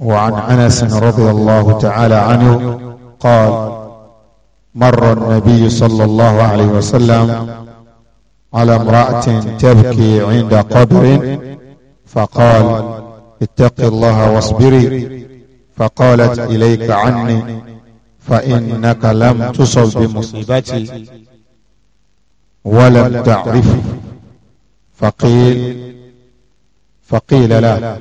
وعن أنس رضي الله تعالى عنه قال مر النبي صلى الله عليه وسلم على امرأة تبكي عند قبر فقال اتق الله واصبري فقالت إليك عني فإنك لم تصب بمصيبتي ولم تعرفي فقيل فقيل لا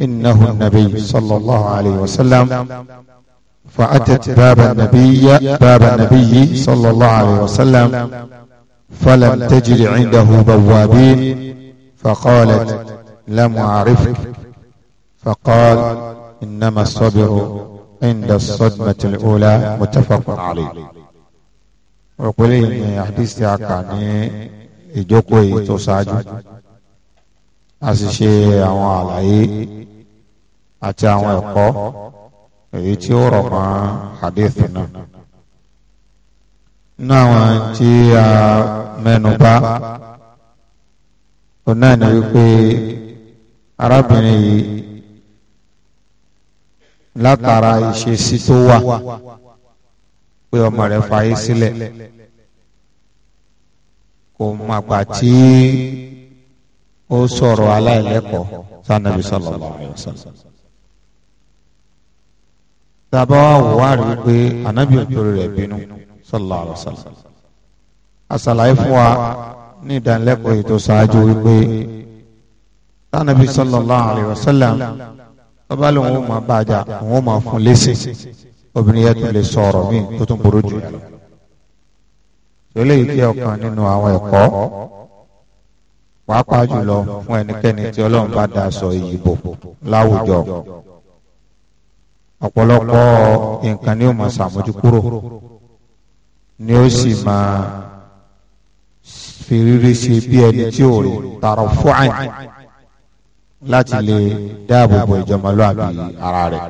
إنه النبي صلى الله عليه وسلم فأتت باب النبي باب النبي صلى الله عليه وسلم فلم تجد عنده بوابين فقالت لم أعرفك فقال إنما الصبر عند الصدمة الأولى متفق عليه وقلين حديث عقاني إجوكوي توساجو a sì ṣe àwọn àlàyé àti àwọn ẹ̀kọ́ èyí tí ó rọ̀ mọ́ hadithi náà nínú àwọn tí a mẹ́nu bà òun náà ni wípé arábìnrin yìí látara ìṣesí tó wà pé ọmọ rẹ̀ fàyè sílẹ̀ kò mọ̀ tí ó sọ̀rọ̀ aláìlẹ́kọ̀ọ́ sanabi sallallahu alayhi wa sallam. sábà wà wò wá rí i pé anabi òkúrò rẹ̀ bínú sallallahu alayhi wa sallam. àṣàlàyé fún wa ní ìdánilẹ́kọ̀ọ́ ètò ṣáájú wípé sanabi sallallahu alayhi wa sallam tọ́ba lòun ó máa bàjá òun ó máa fún léṣe obìnrin yẹn tún lè sọ̀rọ̀ míì tó tún burú jù lọ. ìṣẹ̀lẹ̀ yìí jẹ́ ọ̀kan nínú àwọn ẹ̀kọ́ pàápàá jùlọ fún ẹnikẹ́ni tí ọlọ́run bá da sọ èyí bò láwùjọ ọ̀pọ̀lọpọ̀ nǹkan ni ó máa ṣàmójúkúrò ni ó sì máa fi rírí ṣe bí ẹni tí ò rí tààrọ̀ fúnàn láti lè dáàbò bo ìjọmọlúàbí ara rẹ̀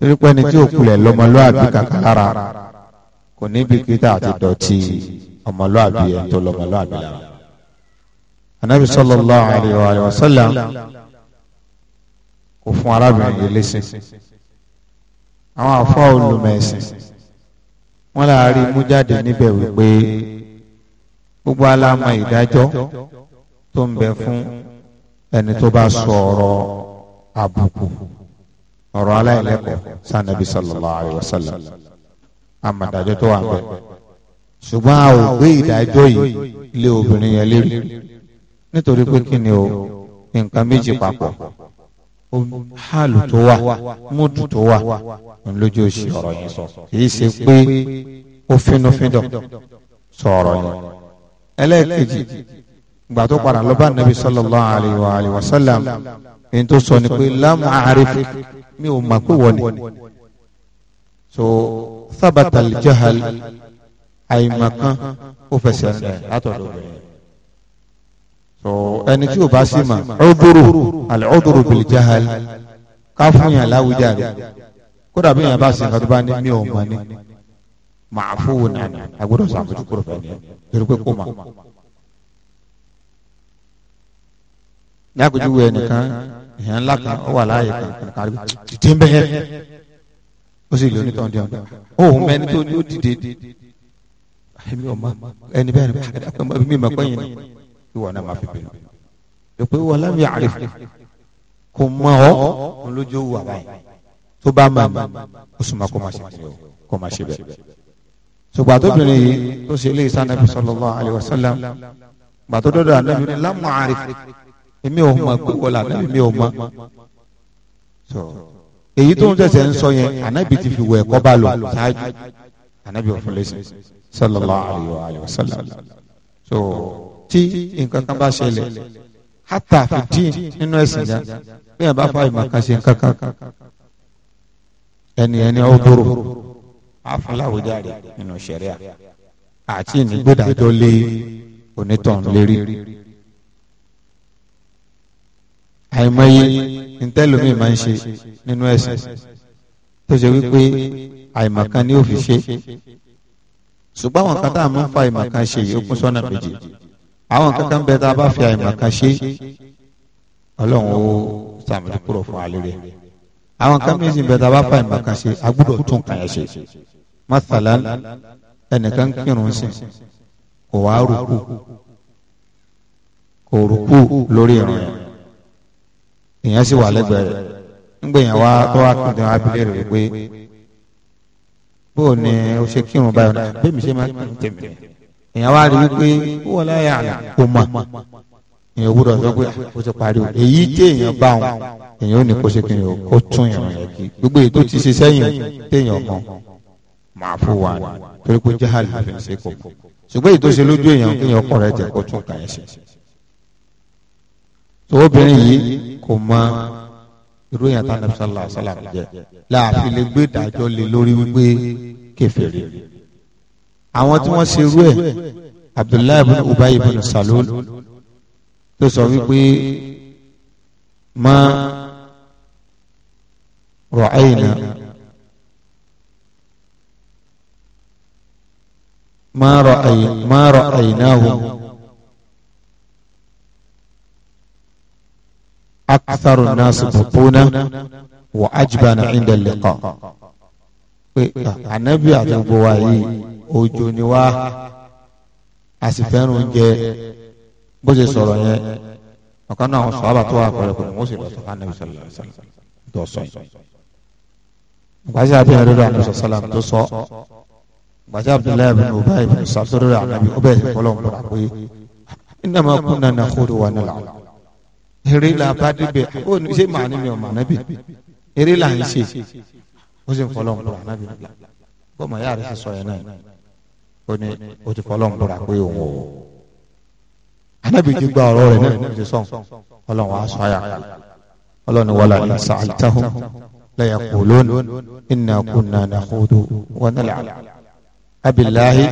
nípa ẹni tí ò kulẹ̀ lọ́mọlúàbí kàkà lára kò ní bìkítà àti dọ̀tí ọmọlúàbí ẹ̀ tó lọ́mọlúàbí lára anabi sallallahu alayhi wa sallam kò fún arábìnrin yìí lẹ́sìn àwọn afọ olùmẹ̀sìn wọn láàárín mú jáde níbẹ̀ wípé gbogbo aláma ìdájọ́ tó ń bẹ fún ẹni tó bá sọ ọ̀rọ̀ àbùkù ọ̀rọ̀ aláìlẹ́kọ̀ọ́ sanabi sallallahu alayhi wa sallam àmàdájọ́ tó wà ń ṣùgbọ́n a ò ìdájọ́ yìí lé obìnrin yẹn lérí nítorí pé kí ni o nǹkan méjì papọ̀ hálù tó wà múdù tó wà lójú oṣù ọ̀rọ̀ yẹn sọ kì í ṣe pé ó fínnúfíndọ̀ sọ ọ̀rọ̀ yẹn ẹlẹ́ẹ̀kejì gbà tó padà lọ nàbí sallallahu alayhi wa alayhi wa sallam èyí tó sọ ni pé lam a'rif mi ò mà pé wọ́n so thabata al jahal àìmọ̀kan ó fẹsẹ̀ rẹ̀ látọ̀dọ̀ rẹ̀. ẹni tí o bá sí ma ọdúró bụrụ, bilijahal ká fún yàn láwùjá kódà bí yàn bá sí ní mi ò mọ ni màá nàní agbọdọ sàmójú kúrò pé kó ma. ní àpèjúwe ẹnìkan èèyàn ńlá kan ó wà láàyè kan ó sì lè ó mẹ́ni tó ní ó dìde ẹni bẹ́ẹ̀ ni ni. ìwọ náà máa fi bínú ìpè wọn lámì àrè kò mọ ọ lójó wà báyìí tó bá máa ma ó sì máa kó máa ṣe bẹ́ẹ̀ kó máa ṣe bẹ́ẹ̀. ṣùgbọ́n àtọ́bìnrin yìí tó ṣe ilé ìsá nàbì sallallahu alaihi wasallam gbàtọ́ dọ́dọ̀ ànábì ní lámù àrè èmi ò mọ̀ pé wọ́n là ànábì mi ò mọ̀ èyí tó ń tẹ̀sẹ̀ ń sọ yẹn ànábì ti fi wọ ẹ̀kọ́ bá lò ṣáájú ànábì ọ̀fọ̀lẹ́sìn sallallahu alaihi wa sallam tí nǹkan kan bá ṣẹlẹ̀ hátà fìdín nínú ẹ̀sìn ya bí ẹ bá fa ìmọ̀kan ṣe nǹkan kan ẹni ẹni ọdúró àfọláwùjá rẹ nínú ṣẹ̀ríà àti ìnigbódàjọ lé onítàn lérí àìmọye ntẹ́lómi máa ń ṣe nínú ẹ̀sìn tó ṣe wípé àìmọ̀kan ni ó fi ṣe ṣùgbọ́n àwọn kan tá a máa ń fa àìmọ̀kan ṣe yìí ó kún sọ́nà méjì àwọn kankan bẹ́ẹ̀ tá a bá fi àyìnbá kan ṣe ọlọ́run ó sàmìlì kúrò fún àlèrè àwọn kan méjì bẹ́ẹ̀ tá a bá fa àyìnbá kan ṣe a gbúdọ̀ tún kàn yẹn ṣe masala ẹnìkan kírun sí kò wá rúkú kò rúkú lórí ìrìn èèyàn sì wà lẹ́gbẹ̀ẹ́ rẹ̀ nígbà yẹn wá tó wá kàn tó wá bilé rẹ̀ pé bóò ni o ṣe kírun báyọ̀ náà bẹ́ẹ̀ mi ṣe máa kírun tèmi ni èèyàn wá rí wípé ó wọlé ayé àlà kò mọ èèyàn gbúdọ̀ sọ pé ó ti parí o èyí tí èèyàn bá wọn èèyàn ò ní kó ṣe kí ni o ó tún ìrìn rẹ kí gbogbo èyí tó ti ṣe sẹ́yìn téèyàn mọ màá fún wa ni torí pé jahali ló ń ṣe kọ ṣùgbọ́n èyí tó ṣe lójú èèyàn kí èèyàn kọ̀ rẹ jẹ kó tún kàn yẹn ṣe. tó obìnrin yìí kò mọ irú èèyàn tá a nàbẹ sàlá sàlá jẹ láàfin lè gbé ìdájọ́ lé lórí wípé kèfèrí àwọn tí wọ́n ṣe irú ẹ̀ abdullahi ibn ubay ibn salul ló sọ wípé ma ra'ayna ma ra'ay ma ra'aynahum aktharu an-nas butuna wa ajbana 'inda al pé ah, ànábì àti yìí òjò ni wá a sì fẹ́ràn oúnjẹ bó ṣe sọ̀rọ̀ yẹn ọ̀kan náà àwọn sọ̀rọ̀ tó wà pẹ̀lú pẹ̀lú wọ́n sì lọ sọ̀rọ̀ ànábì sọ̀rọ̀ tó sọ yìí. gbàṣẹ abiyàn rẹ ànábì sọ̀rọ̀ sọ̀rọ̀ tó sọ gbàṣẹ abdullahi bin ubay bin sàbẹ̀rẹ̀ rẹ ànábì ọbẹ̀ yìí fọlọ́ ń bọ̀rọ̀ pé innama kunna nakhudu wa nal'ab. eré la bá débẹ̀ ó ní ṣé màá ní mi ò màá nábì eré là ń ṣe ó sì fọlọ́ ń bọ̀rọ̀ ànábì bọ́mọ̀ yára ṣe sọ yẹn náà ó ní ó ti fọlọ́n bọ̀rọ̀ pé òun o anábì ti gba ọ̀rọ̀ rẹ̀ náà ti sọ̀n ọlọ́run wàá sọ àyà ọlọ́run wàlà ìsà àìtàhùn lẹ́yà kò lónìí iná kò nànà kódó wọn nàlẹ́ abiláhi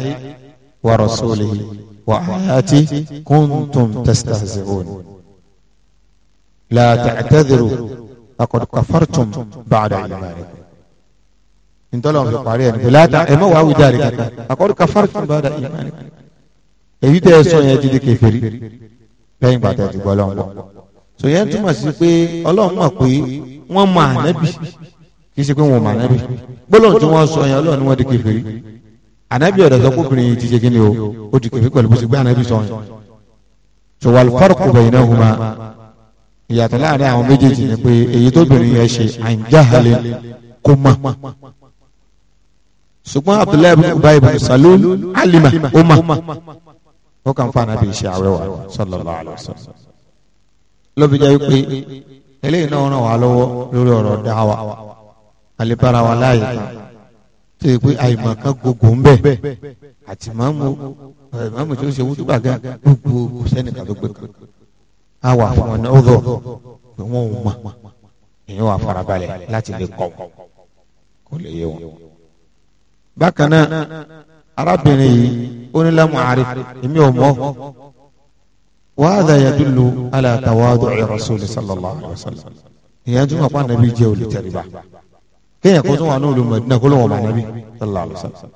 wa rasulihi wa ayati kuntum tastahzi'un la ta'tadiru laqad kafartum ba'da imanikum. ntọ́lọ̀ ń fi parí ẹ̀ nípa láta ẹ̀ mọ̀ wá wí dáre kàkà àkọ́rí ka fárúkú bá dà ìmánì èyí tẹ́ ẹ sọ yẹn ti di kèfèrí lẹ́yìn bàtà ti gbọ́ lọ́wọ́ so yẹn túmọ̀ sí pé ọlọ́run mọ̀ pé wọ́n mọ ànábì kì í ṣe pé wọ́n mọ ànábì gbólóhùn tí wọ́n sọ yẹn ọlọ́run ni wọ́n di kèfèrí ànábì ọ̀dọ̀ sọ kóbìnrin yìí ti ṣe kíni o ó di kèfèrí pẹ̀lú bó ṣe gbé ànábì sọ yẹn so wal farqu baynahuma ìyàtọ̀ láàrin àwọn méjèèjì ni pé èyí tóbìnrin yẹn ṣe an jahalin kó mọ̀ ṣùgbọ́n abdullahi ibn ubay ibn salul alima umma ó kàn fa anabi iṣẹ́ àwẹ̀ wa sallallahu alayhi wa sallam lóbi jẹ́ pé eléyìí náà ràn wá lọ́wọ́ lórí ọ̀rọ̀ dáwà alibara wa láàyè kan tó yẹ pé àyùmọ̀ kan gbogbo ń bẹ̀ àti màmú màmú tó ń ṣe wútú gbàgà gbogbo sẹ́nìkà tó gbé kan á wà fún ọ ní ọ̀dọ̀ pé wọ́n ò mọ̀ èyí wà farabalẹ̀ láti lè kọ́ kó lè yé wọn bákan náà arábìnrin yìí ó ní lámù àárẹ̀ èmi ò mọ̀ wa hadha yadullu ala tawadu'i rasul sallallahu alayhi wa sallam ìyẹn tún wà pa nàbí jẹ́ olùtẹ̀ríba kéèyàn kó tún wà ní olùmọ̀dínà kó ló wọ̀ mọ̀ nàbí sallallahu alayhi wa sallam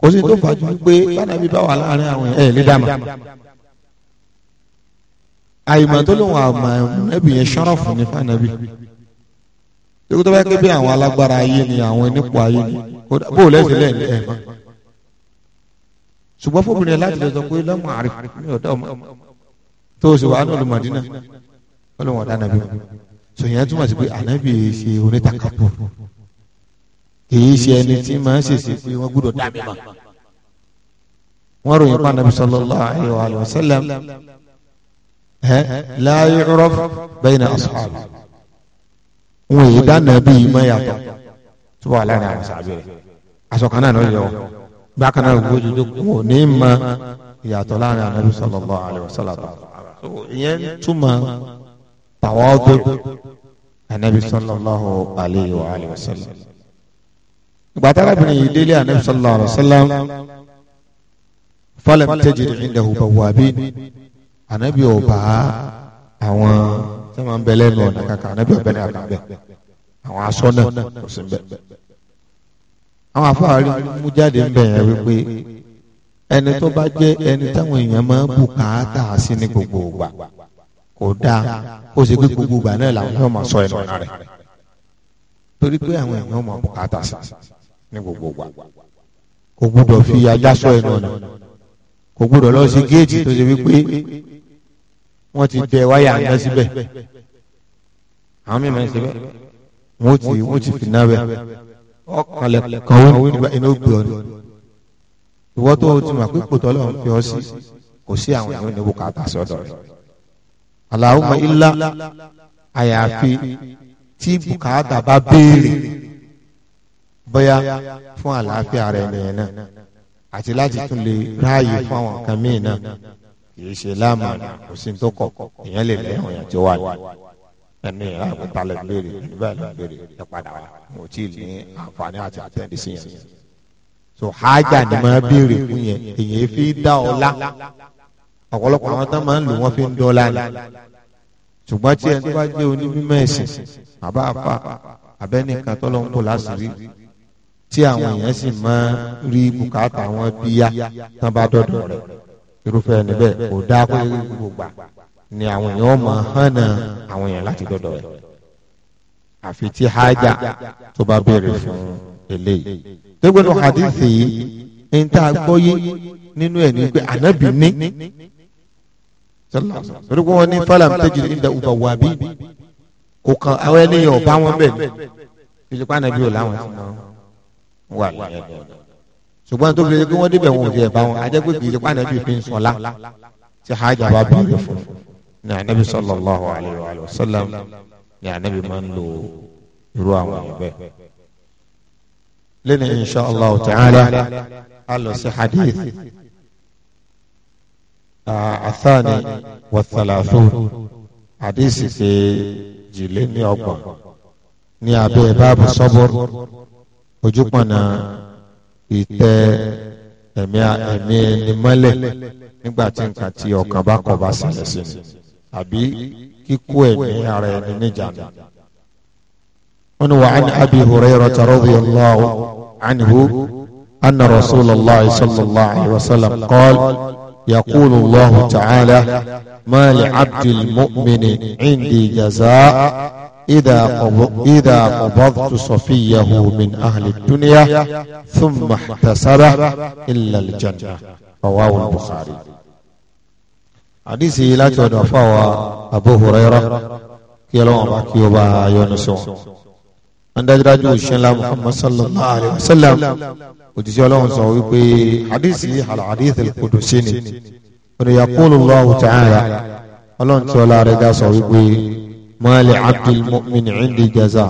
kò sí tó fàájú pé bánàbí bá wà láàrin àwọn ẹ̀ lé dàmà àyùmọ̀ tó ló wà àmọ̀ nàbí yẹn sharaf ní fànàbí yóò tó bá yẹ pé àwọn alágbára ayé ni àwọn onípò ayé ni bó o lẹ́sìn lẹ́yìn ẹ̀ mọ́ ṣùgbọ́n fóbìnrin ẹ̀ láti lè sọ pé lọ́mọ àrè mi ò dá ọmọ tó o sì wà á náà lùmọ̀dínà ọlọ́wọ́n ọ̀dà nàbí wọn sòyìn túmọ̀ sí pé ànábì ṣe onítàkàpù kìí ṣe ẹni tí màá ṣèṣe pé wọ́n gbúdọ̀ dá mi wọ́n ròyìn pa nàbí sallallahu alaihi wa sallam la yu'raf bayna ashab ń wòye dáná bíi mọ́ yàtọ̀ tó wà láàrin àwọn sábẹ́ rẹ̀ aṣọ kan náà ló yẹ ọ bákan náà gbogbo jòjò kò ní mọ ìyàtọ̀ láàrin anabi sallallahu alaihi wasallam ìyẹn túmọ̀ tawadu anabi sallallahu alaihi wa alihi wasallam gbàtàràbìnrin yìí délé anabi sallallahu alaihi wasallam falam tajid indahu bawabin anabi ọba àwọn tí wọ́n máa ń bẹ lẹ́nu ọ̀nà kankan ànábì ọ̀bẹ ní àkànbẹ àwọn aṣọ náà kò sí bẹ. àwọn afáàrí mú jáde ń bẹ̀ yẹn wípé ẹni tó bá jẹ́ ẹni táwọn èèyàn máa ń bùkátà sí ní gbogbo ìgbà kò dáa ó sì pé gbogbo ìgbà náà làwọn yóò máa sọ ẹnu ọ̀nà rẹ̀ torí pé àwọn èèyàn máa bùkátà sí ní gbogbo ìgbà kò gbúdọ̀ fi ajá ẹnu ọ̀nà kò gbúdọ̀ lọ sí géètì tó ṣe wípé wọ́n ti dẹ wáyà ń lọ síbẹ̀ àwọn mímọ ní síbẹ̀ wọ́n ti wọ́n ti fìnnà bẹ̀ ọkàlẹ̀ kan wọ́n wí nígbà inú gbé ọdún ìwọ́ tó o ti mọ̀ pé kò tọ́lọ́ fi ọ sí kò sí àwọn ìwé níbo ká tà sọ́dọ̀ rẹ̀ Allahumma illa àyàfi tí bùkátà bá béèrè bóyá fún àlàáfíà rẹ̀ nìyẹn náà àti láti tún lè ráàyè fún àwọn kan míì náà kìí ṣe lámàna kò sí tó kọ èèyàn lè lẹ́hùn yẹn tó wà ní ẹni ìlà àgùntà lè béèrè níbẹ̀ lè béèrè ẹ padà wá mo tí ì ní àǹfààní àti àtẹ̀ǹdì sí yẹn so hájà ni máa béèrè fún yẹn èèyàn fi dá ọlá ọ̀pọ̀lọpọ̀ àwọn tán máa ń lò wọ́n fi ń dọ́là ni ṣùgbọ́n tí ẹni bá jẹ́ onímọ̀ ẹ̀sìn àbá àfa abẹ́nìkan tọ́lọ́ ń kó láṣìírí tí àwọn èèyàn sì máa rí bùkátà wọn bíyá tán bá dọ́dọ̀ rẹ̀ irúfẹ́ ẹni bẹ́ẹ̀ kò dáa pé gbogbo ni àwọn èèyàn mọ̀ hànà àwọn èèyàn láti dọ́dọ̀ rẹ̀ àfi tí hájà tó bá béèrè fún eléyìí. dégbénu hadithi yìí ń tá a gbọ́ yé nínú ẹ̀ ní pé ànábì ní torí pé wọ́n ní fàlàm tẹ́jú ìdá ọba wà kò kan àwọn ènìyàn ọba wọn bẹ̀ ní ìjọba ànábì ò láwọn tí wọ́n wà lẹ́yìn ọ̀dọ̀ ṣùgbọ́n tó fi ṣe pé wọ́n débẹ̀ wọn ò jẹ́ bá wọn ajẹ́ pé kì í ṣe pàdé fi fi ń sọ̀lá tí hajj bá bẹ̀rẹ̀ fún ní anabi sallallahu alayhi wa sallam ní anabi máa ń lo irú àwọn ọ̀bẹ. lẹ́nu insha allah ta'ala a lọ sí hadith athani wa thalathun hadith ti jìlẹ̀ ní ọgbọ̀n ní abẹ́ báàbù sọ́bọ̀r ojúpọ̀nà ìtẹ ẹ̀mí ẹ̀mí ẹni mọ́lẹ̀ nígbà tí nǹkan tí ọkàn bá kọ̀ bá ṣẹlẹ̀ sí ni àbí kíkó ẹ̀mí ara ẹni níjànú. wọ́n ní wàhání abi hurayrata radiyallahu anhu anna rasulallah sallallahu alayhi wa sallam qala. يقول الله تعالى ما لعبد المؤمن عندي جزاء إذا قبضت صفيه من أهل الدنيا ثم احتسبه إلا الجنة رواه البخاري حديثي لا تدفع أبو هريرة يلوم أكيوبا يونسون andájúdájú òṣìṣẹ́lá muhammad sallallahu alayhi wa sallam òjíṣẹ́ ọlọ́run sọ wípé hadisi alhadith alqudusi ni oníyàkúlù lọ́wọ́ tààrà ọlọ́run tí ọlá rẹ̀ ga sọ wípé ma li abdil mu'min indi jaza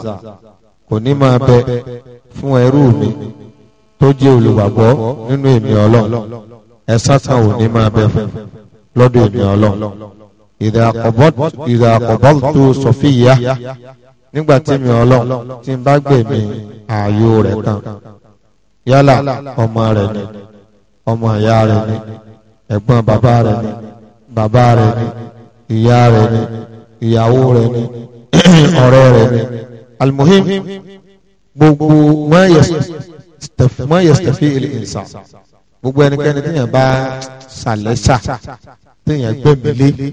kò ní máa bẹ fún ẹrú mi tó jẹ́ olùgbàgbọ́ nínú èmi ọlọ́run ẹ̀san kan ò ní máa bẹ fún lọ́dọ̀ èmi ọlọ́run ìdá àkọ́bọ́tò sọ̀fìyà nígbà tí mi ọlọ́run tí n bá gbẹ̀mí ààyò rẹ̀ kan yálà ọmọ rẹ̀ ni ọmọ ìyá rẹ̀ ni ẹ̀gbọ́n bàbá rẹ̀ ni bàbá rẹ̀ ni ìyá rẹ̀ ni ìyàwó rẹ̀ ni ọ̀rẹ́ rẹ̀ ni almuhim gbogbo mọ́ yẹ̀sítẹ̀fì ilé ìsà gbogbo ẹnikẹ́ni tíyàn bá sàlẹ́sà tíyàn gbẹ̀mílé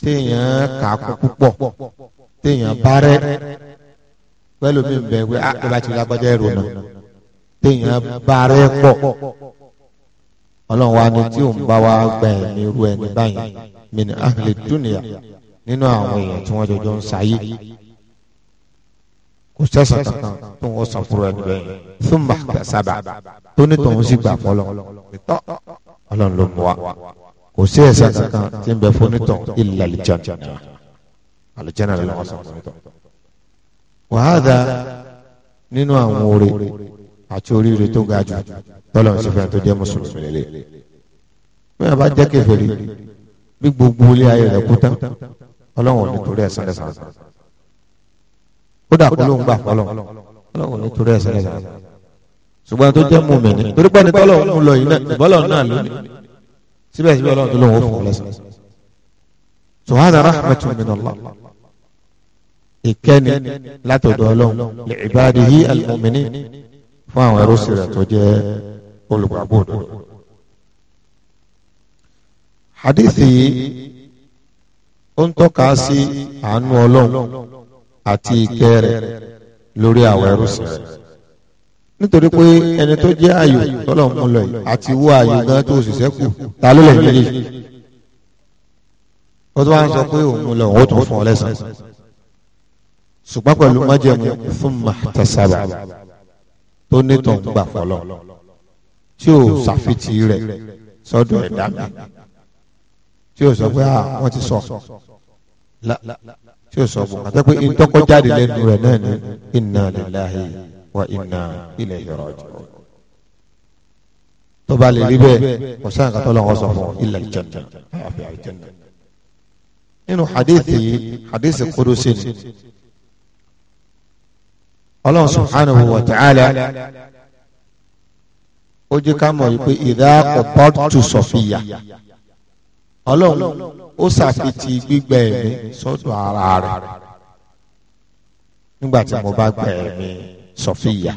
tíyàn kàákó púpọ̀ tíyàn bá rẹ̀ pẹ̀lú mi bẹ̀ wí àgbàtí lágbájá ìrònà tíyàn bá rẹ̀ pọ̀ ọlọ́run wa ni tí òun bá wa gba ẹ̀mí irú ẹni báyìí min ahli dunya nínú àwọn èèyàn tí wọ́n jọjọ ń sáyé kò sẹ́sàn kankan tó ń wọ́n sàkúrò ẹni bẹ́ẹ̀ fún màkà sábà tó ní tòun sì gbà fọlọ́ ìtọ́ ọlọ́run ló mú wa kò sí ẹ̀sẹ̀ kankan tí ń bẹ fún nítọ̀ illa al-janna al-janna lọ́wọ́ sàkúrò nítọ̀. wàhálà nínú àwọn oore àti oríire tó ga jù tọ́lọ̀ ń sèfẹ́ tó jẹ́ mùsùlùmí lélẹ̀. bẹ́ẹ̀ bá jẹ́ kèfèrí bí gbogbo ilé ayé rẹ̀ kú tán ọlọ́run ò ní torí ẹ̀sán rẹ̀ sàn. ó dà kó ló ń gbà fọlọ́ ọlọ́run ò ní torí ẹ̀sán rẹ̀ sàn. ṣùgbọ́n tó jẹ́ mùmínì torí pẹ́ni tọ́lọ̀ ń lọ ìbọ́lọ̀ náà lónìí síbẹ̀síbẹ̀ ọlọ́run tó lóun ó fún lẹ́sàn. sùhánà rahmatun min Allah ìkẹ́ni látọ̀dọ̀ ọlọ́run li ibadihi fún àwọn ẹrúsì rẹ̀ tó jẹ́ olùgbàgbọ́ òdodo. hadithi yìí ó ń tọ́ka sí àánú ọlọ́run àti ìkẹ́ rẹ̀ lórí àwọn ẹrúsì rẹ̀ nítorí pé ẹni tó jẹ́ ayò tọ́lọ̀ mú lọ yìí àti wú ayò gan tó ṣiṣẹ́ kù ta ló lè nílé ó tún wá ń sọ pé òun lọ òun ó fún ọ lẹ́sàn-án ṣùgbọ́n pẹ̀lú májẹ̀mú fún màtàsábà tó nítọ̀ ń gbà fọlọ́ tí ò ṣàfitì rẹ̀ sọ́dọ̀ ẹ̀dá mi tí ò sọ pé à ah, wọ́n ti sọ tí ò sọ bọ̀ àti pé ìtọ́kọ́jáde lẹ́nu rẹ̀ náà ni inna lillahi wa inna ilayhi raji'un tó bá lè rí bẹ́ẹ̀ kò sáà nǹkan tó lọ́wọ́ sọ fún illa aljanna nínú hadith yìí hadith kudusi ni ọlọ́run subhanahu wa ta'ala ó jẹ́ ká mọ̀ wípé idha qabbadtu Sofiyya ọlọ́run ó ṣàfitì gbígbà ẹ̀mí sọ́dọ̀ ara rẹ̀ nígbà tí mo bá gba ẹ̀mí Sofiyya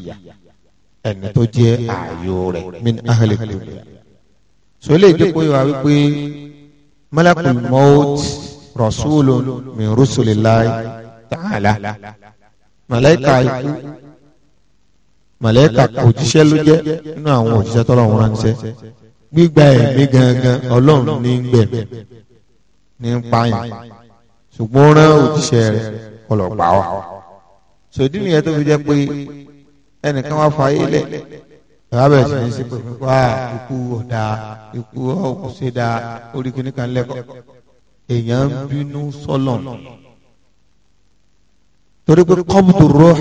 ẹni tó jẹ́ ààyò rẹ̀ min ahli dunya so lè dé pé wà wípé malakul maut rasulun min rusulillahi ta'ala màláìka ikú màláìka òjíṣẹ́ ló jẹ́ nínú àwọn òjíṣẹ́ tọ́lọ́run ránṣẹ́ gbígba ẹ̀mí gangan ọlọ́run ní ń gbẹ̀mí ní ń pààyàn ṣùgbọ́n rán òjíṣẹ́ rẹ̀ ọlọ́pàá wa sòdí nìyẹn tó fi jẹ́ pé ẹnìkan wá fa ayé lẹ̀ bàbá bẹ̀rẹ̀ sí ní sí pé wá ikú ọ̀dà ikú ọ̀kùnṣẹ́dà orí kìnnìkan lẹ́kọ̀ọ́ èèyàn bínú sọ́lọ̀ torí pé kọ́bùtù rọ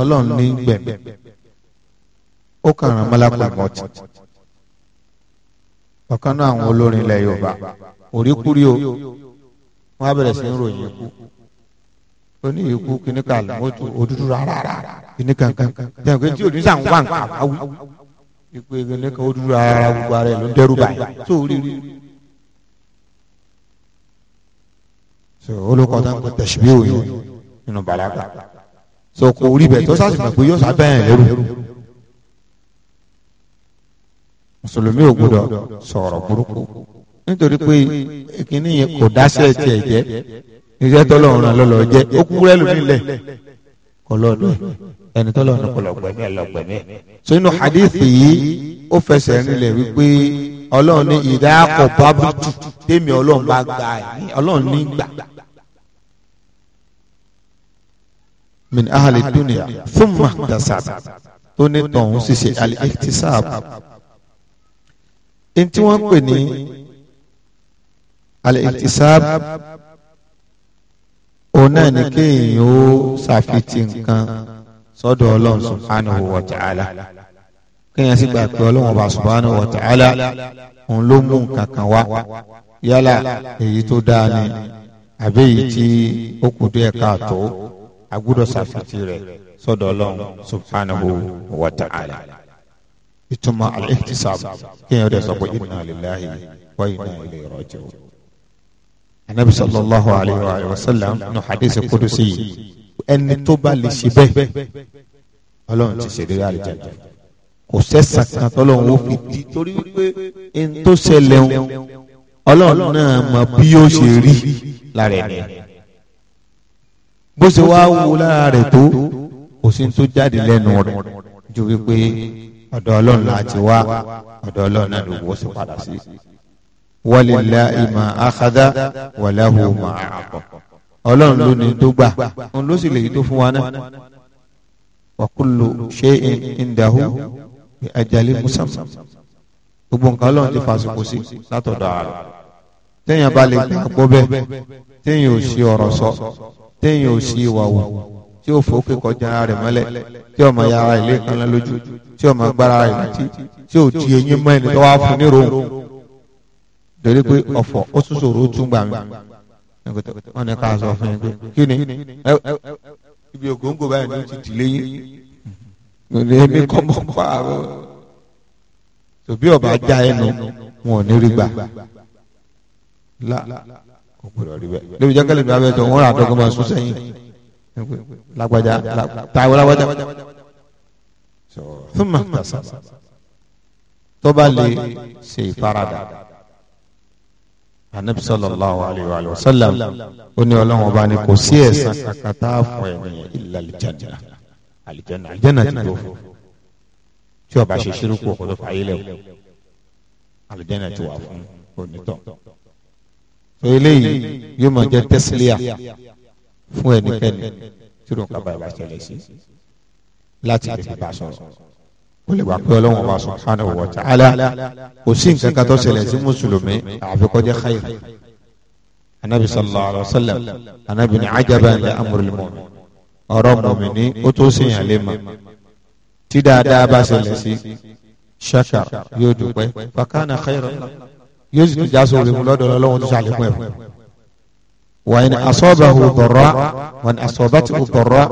ọlọ́run ní gbẹ̀mí ó kàn rán mọ́lákùn mọ́tì ọ̀kan náà àwọn olórin ilẹ̀ yorùbá òríkúrí o wọ́n á bẹ̀rẹ̀ sí ń ròyìn ikú ó ní ikú kíní kan àlùmọ́tò òdúdú rárá kíní kankan jẹun pé tí òdú sàn wà nǹkan àwáwí ipò kíní kan òdúdú rárá gbogbo ara ẹ̀ ló ń dẹ́rù báyìí tó rí rí so olùkọ́ náà kò tẹ̀síbí òye nínú balaga so kò rí bẹ́ẹ̀ tó sáàsì mọ̀ pé yóò sábẹ́yìn lérò mùsùlùmí ò gbọdọ̀ sọ̀rọ̀ burúkú nítorí pé ìkíní yẹn kò dáṣẹ́ tiẹ̀ jẹ́ iṣẹ́ tọ́lọ́run lọ́lọ́ jẹ́ ó kúkú rẹ́ lómi lẹ̀ kọlọ́ọ̀lọ́ ẹni tọ́lọ́run kọlọ́gbẹ̀mí ẹlọ́gbẹ̀mí. so inú hadithi yìí ó fẹsẹ̀ rinlẹ̀ wípé ọlọ́run ní ìdáàkọ̀ bábùtù tèmi ọlọ́run bá gbà ẹ̀ ọlọ́run ní gbà min ahali dunya thumma dasab ó ní tọ̀hún ṣiṣẹ́ al-iktisab ẹni tí wọ́n ń pè ní al-iktisab òun náà ni kéèyàn ó ṣàfitì nǹkan sọ́dọ̀ ọlọ́run subhanahu wa ta'ala kéèyàn sì gbà pé ọlọ́run ọba subhanahu wa ta'ala òun ló mú nǹkan kan wá yálà èyí tó dáa ni àbí èyí tí ó kù díẹ̀ káàtó agbọ́dọ̀ ṣàfitì rẹ̀ sọ́dọ̀ Ọlọ́run subhanahu wa ta'ala ìtumọ̀ al-ihtisab kéèyàn dẹ̀ sọ pé inna lillahi wa inna ilayhi raji'un. anabi sallallahu alayhi wa sallam nu hadith kudusi ẹni tó bá lè ṣe bẹ́ẹ̀ Ọlọ́run ti ṣèlérí àlùjáde kò sẹ́sàn kan tọ́lọ́run ó fi di torí wípé ẹni tó Ọlọ́run náà mọ bí yóò ṣe rí lára ẹ̀ bó ṣe wá wò lára rẹ̀ tó kò sí tó jáde lẹ́nu rẹ̀ ju wípé ọ̀dọ̀ ọlọ́run la ti wá ọ̀dọ̀ ọlọ́run náà ló wọ́ sí padà sí. walillahi ma akhadha wa lahu ma aata ọlọ́run ló ní tó gbà òun ló sì lè tó fún wa náà. wa kullu shay'in indahu bi gbogbo nǹkan ọlọ́run ti fàṣùkò sí látọ̀dọ̀ ààrẹ téèyàn bá lè gbà gbọ́ bẹ́ẹ̀ téèyàn ò sí ọ̀rọ̀ sọ téèyàn ò sí ìwà wò tí ó fò pé kọjá rẹ̀ mọ́lẹ̀ tí ọmọ ya ara ilé kan lọ lójú tí ọmọ gbára rẹ̀ létí tí ò di eyín mọ́ ẹni tó wá fún ní ròhùn torí pé ọ̀fọ̀ ó tún ṣòro ó tún gbà mí wọn ní ká sọ fún yín pé kí ni ibi ògóńgò báyìí ló ti dìlé yín lórí èmi kọ́ mọ́ pa tòbí ọba já ẹnu wọn ò ní rí gbà kò gbọdọ̀ rí bẹ́ẹ̀ lóbi jẹ́kẹ́lẹ́ mi abẹ́ tó wọ́n rà dọ́gbọ́n máa sún sẹ́yìn lágbájá táwọn lágbájá fún tàṣà tó bá lè ṣe ìfaradà anabi sallallahu alayhi wa sallam ó ní ọlọ́run ọba ni kò sí ẹ̀san kankan tá a fún ẹ̀ nìyẹn illa aljanna aljanna aljanna ti tó fún tí ọba ṣe ṣírúkú ọ̀pọ̀lọpọ̀ ayé lẹ́wọ̀ ti wà fún onítọ̀ eléyìí yóò máa jẹ tẹsílíà fún ẹnikẹ́ni tí ló ń kaba ìbá ṣẹlẹ̀ sí láti lè fi bá sọ̀rọ̀ ó lè wà pé ọlọ́run wa subhanahu wa ta'ala kò sí nǹkan kan tó ṣẹlẹ̀ sí mùsùlùmí àfi kó jẹ́ khayr anabi sallallahu alayhi wa sallam anabi ni ajaban li amril mu'min ọ̀rọ̀ mùmíní ó tó ṣèyàn lé ma tí dáadáa bá ṣẹlẹ̀ sí ṣakar yóò dúpẹ́ fakana khayran lahu yóò sì tìjà sóore mu lọ́dọ̀ ọlọ́run ti sàlékún ẹ̀ fún wa in asọ́bahu dọ̀rọ̀ wa in asọ́batihu dọ̀rọ̀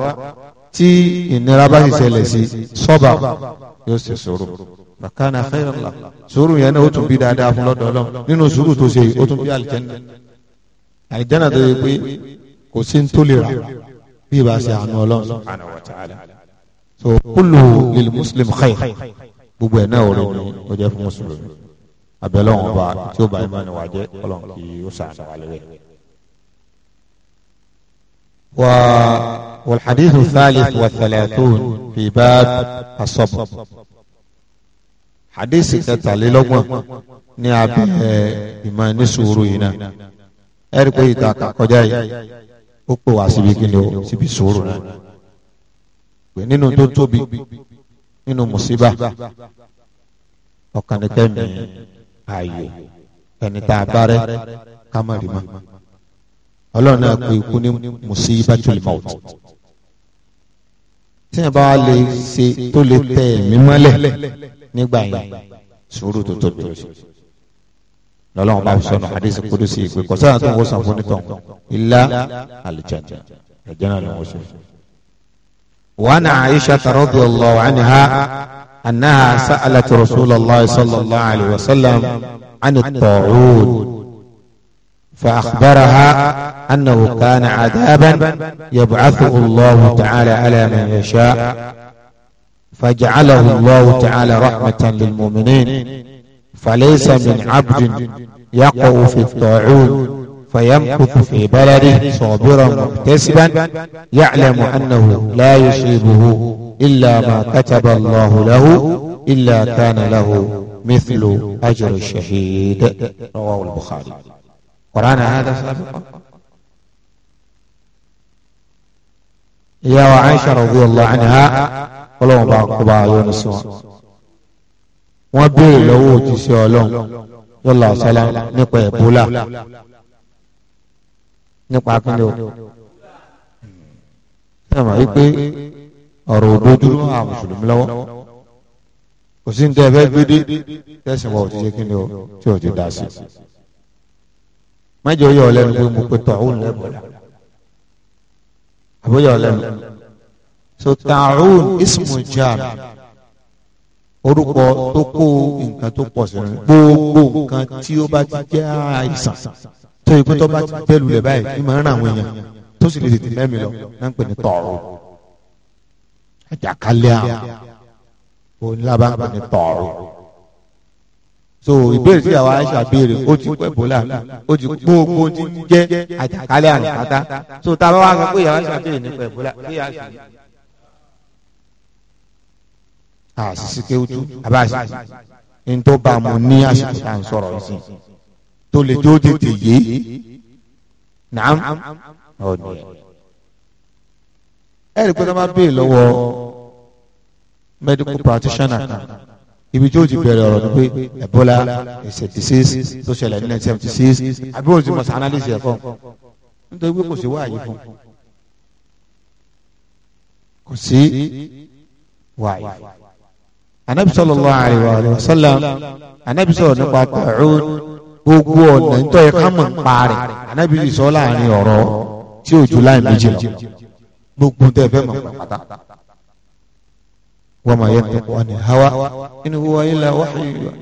tí ìnira bá sì ṣẹlẹ̀ sí sọ́ba yóò sì sòrò bàkánà khairan la sòrò yẹn náà ó tún bí dáadáa fún lọ́dọ̀ ọlọ́run nínú sùúrù tó ṣe ó tún bí àlìjẹ́nà àlìjẹ́nà tó yẹ pé kò sí ń tó lè rà bí ìbá ṣe àánú ọlọ́run subhanahu wa ta'ala so kullu lil muslim khair gbogbo ẹ̀ náà ọ̀rọ̀ ni ó jẹ́ fún mùsùlùmí abẹ́lẹ́ wọn bá tí ó bá yín bá ní ọlọ́run kì í ó sàánà wà lẹ́wẹ̀. wa والحديث الثالث والثلاثون في باب الصبر حديث كتاليلوغون ní abẹ́ ìmọ̀ ní sùúrù yìí náà ẹ̀rí pé ìta àkàkọjá yìí ó pè wá síbi kí ni ó síbi sùúrù náà pé nínú tó tóbi nínú mùsíbà ọ̀kànnìkẹ́mi ayò ẹni tá a bá rẹ ká má rí ma ọlọ́run náà pe ikú ní musibatul maut tí yẹn bá lè ṣe tó lè tẹ ẹ̀mí mọ́lẹ̀ nígbà yẹn sùúrù tó tóbi lọ́lọ́run bá sọ̀nà hadith kudusi ìpè kọ́sọ́nà tó ń wọ́sàn fún nítọ̀ ilá àlùjáde ẹ̀jẹ̀ náà ló ń wọ́sàn. وعن عائشة رضي الله عنها أنها سألت رسول الله صلى الله عليه وسلم عن الطاعون فأخبرها أنه كان عذابا يبعثه الله تعالى على من يشاء فجعله الله تعالى رحمة للمؤمنين فليس من عبد يقع في الطاعون فيمكث في بلده صابرا محتسبا يعلم أنه لا يصيبه إلا ما كتب الله له إلا كان له مثل أجر الشهيد رواه البخاري قرأنا هذا سابقا يا عائشة رضي الله عنها ولو باقبا يونس وبير لو تسيولون يلا سلام نقوى بولا نقوى كنو نقوى كنو ọ̀rọ̀ òdodo àwọn mùsùlùmí lọ́wọ́ kò sí ní tẹ́ ẹ fẹ́ gbédé tẹ̀sán wa ò ti ṣe kí ni o tí o ti dá sí i mẹjọ yọ ọlẹnu pé mo pe tọhún lẹbọlá àbóyọ ọlẹnu so tààrún ismu jam orúkọ tó kó nǹkan tó pọ̀ sí ní gbogbo nǹkan tí ó bá ti jẹ́ àìsàn tó ikú tó bá ti bẹ́ẹ̀ lulẹ̀ báyìí ní àwọn èèyàn tó sì lè tètè mẹ́mi lọ náà ń pè ní tọ̀ọ̀rọ̀ àjàkálẹ̀ àrùn òun lábá ń pè ní so ìbéèrè tí àwa aisha béèrè ó ti kó ebola ó ti gbogbo ti ń jẹ àjàkálẹ̀ àrùn pátá so tá a bá wà sọ pé ìyàwó aisha béèrè nípa ebola bí a sì àṣìṣe kéwútú àbáṣe ntọ́bàmù ní àsìkò tá à ń sọ̀rọ̀ sí tó lè tó tètè yé nàám ọ̀dùn ẹ rí i pé tó máa bèè lọ́wọ́ medical practitioner kan ibi tí ó ti bẹ̀rẹ̀ ọ̀rọ̀ ni pé Ebola is a disease tó ṣẹlẹ̀ ní nineteen seventy six àbí òun ti mọ̀ sí analysis ẹ̀ fún un nítorí pé kò sí wáàyè fún un kò sí wáàyè fún un anabi sallallahu alayhi wa sallam anabi sọ̀rọ̀ nípa ta'un gbogbo ọ̀nà nítorí ká mọ̀ ń parẹ́ anabi sọ láàrin ọ̀rọ̀ tí ò ju láì méjì lọ gbogbo tẹ fẹ́ mọ̀ pátá wa ma yantiqu ani hawa in huwa illa wahyu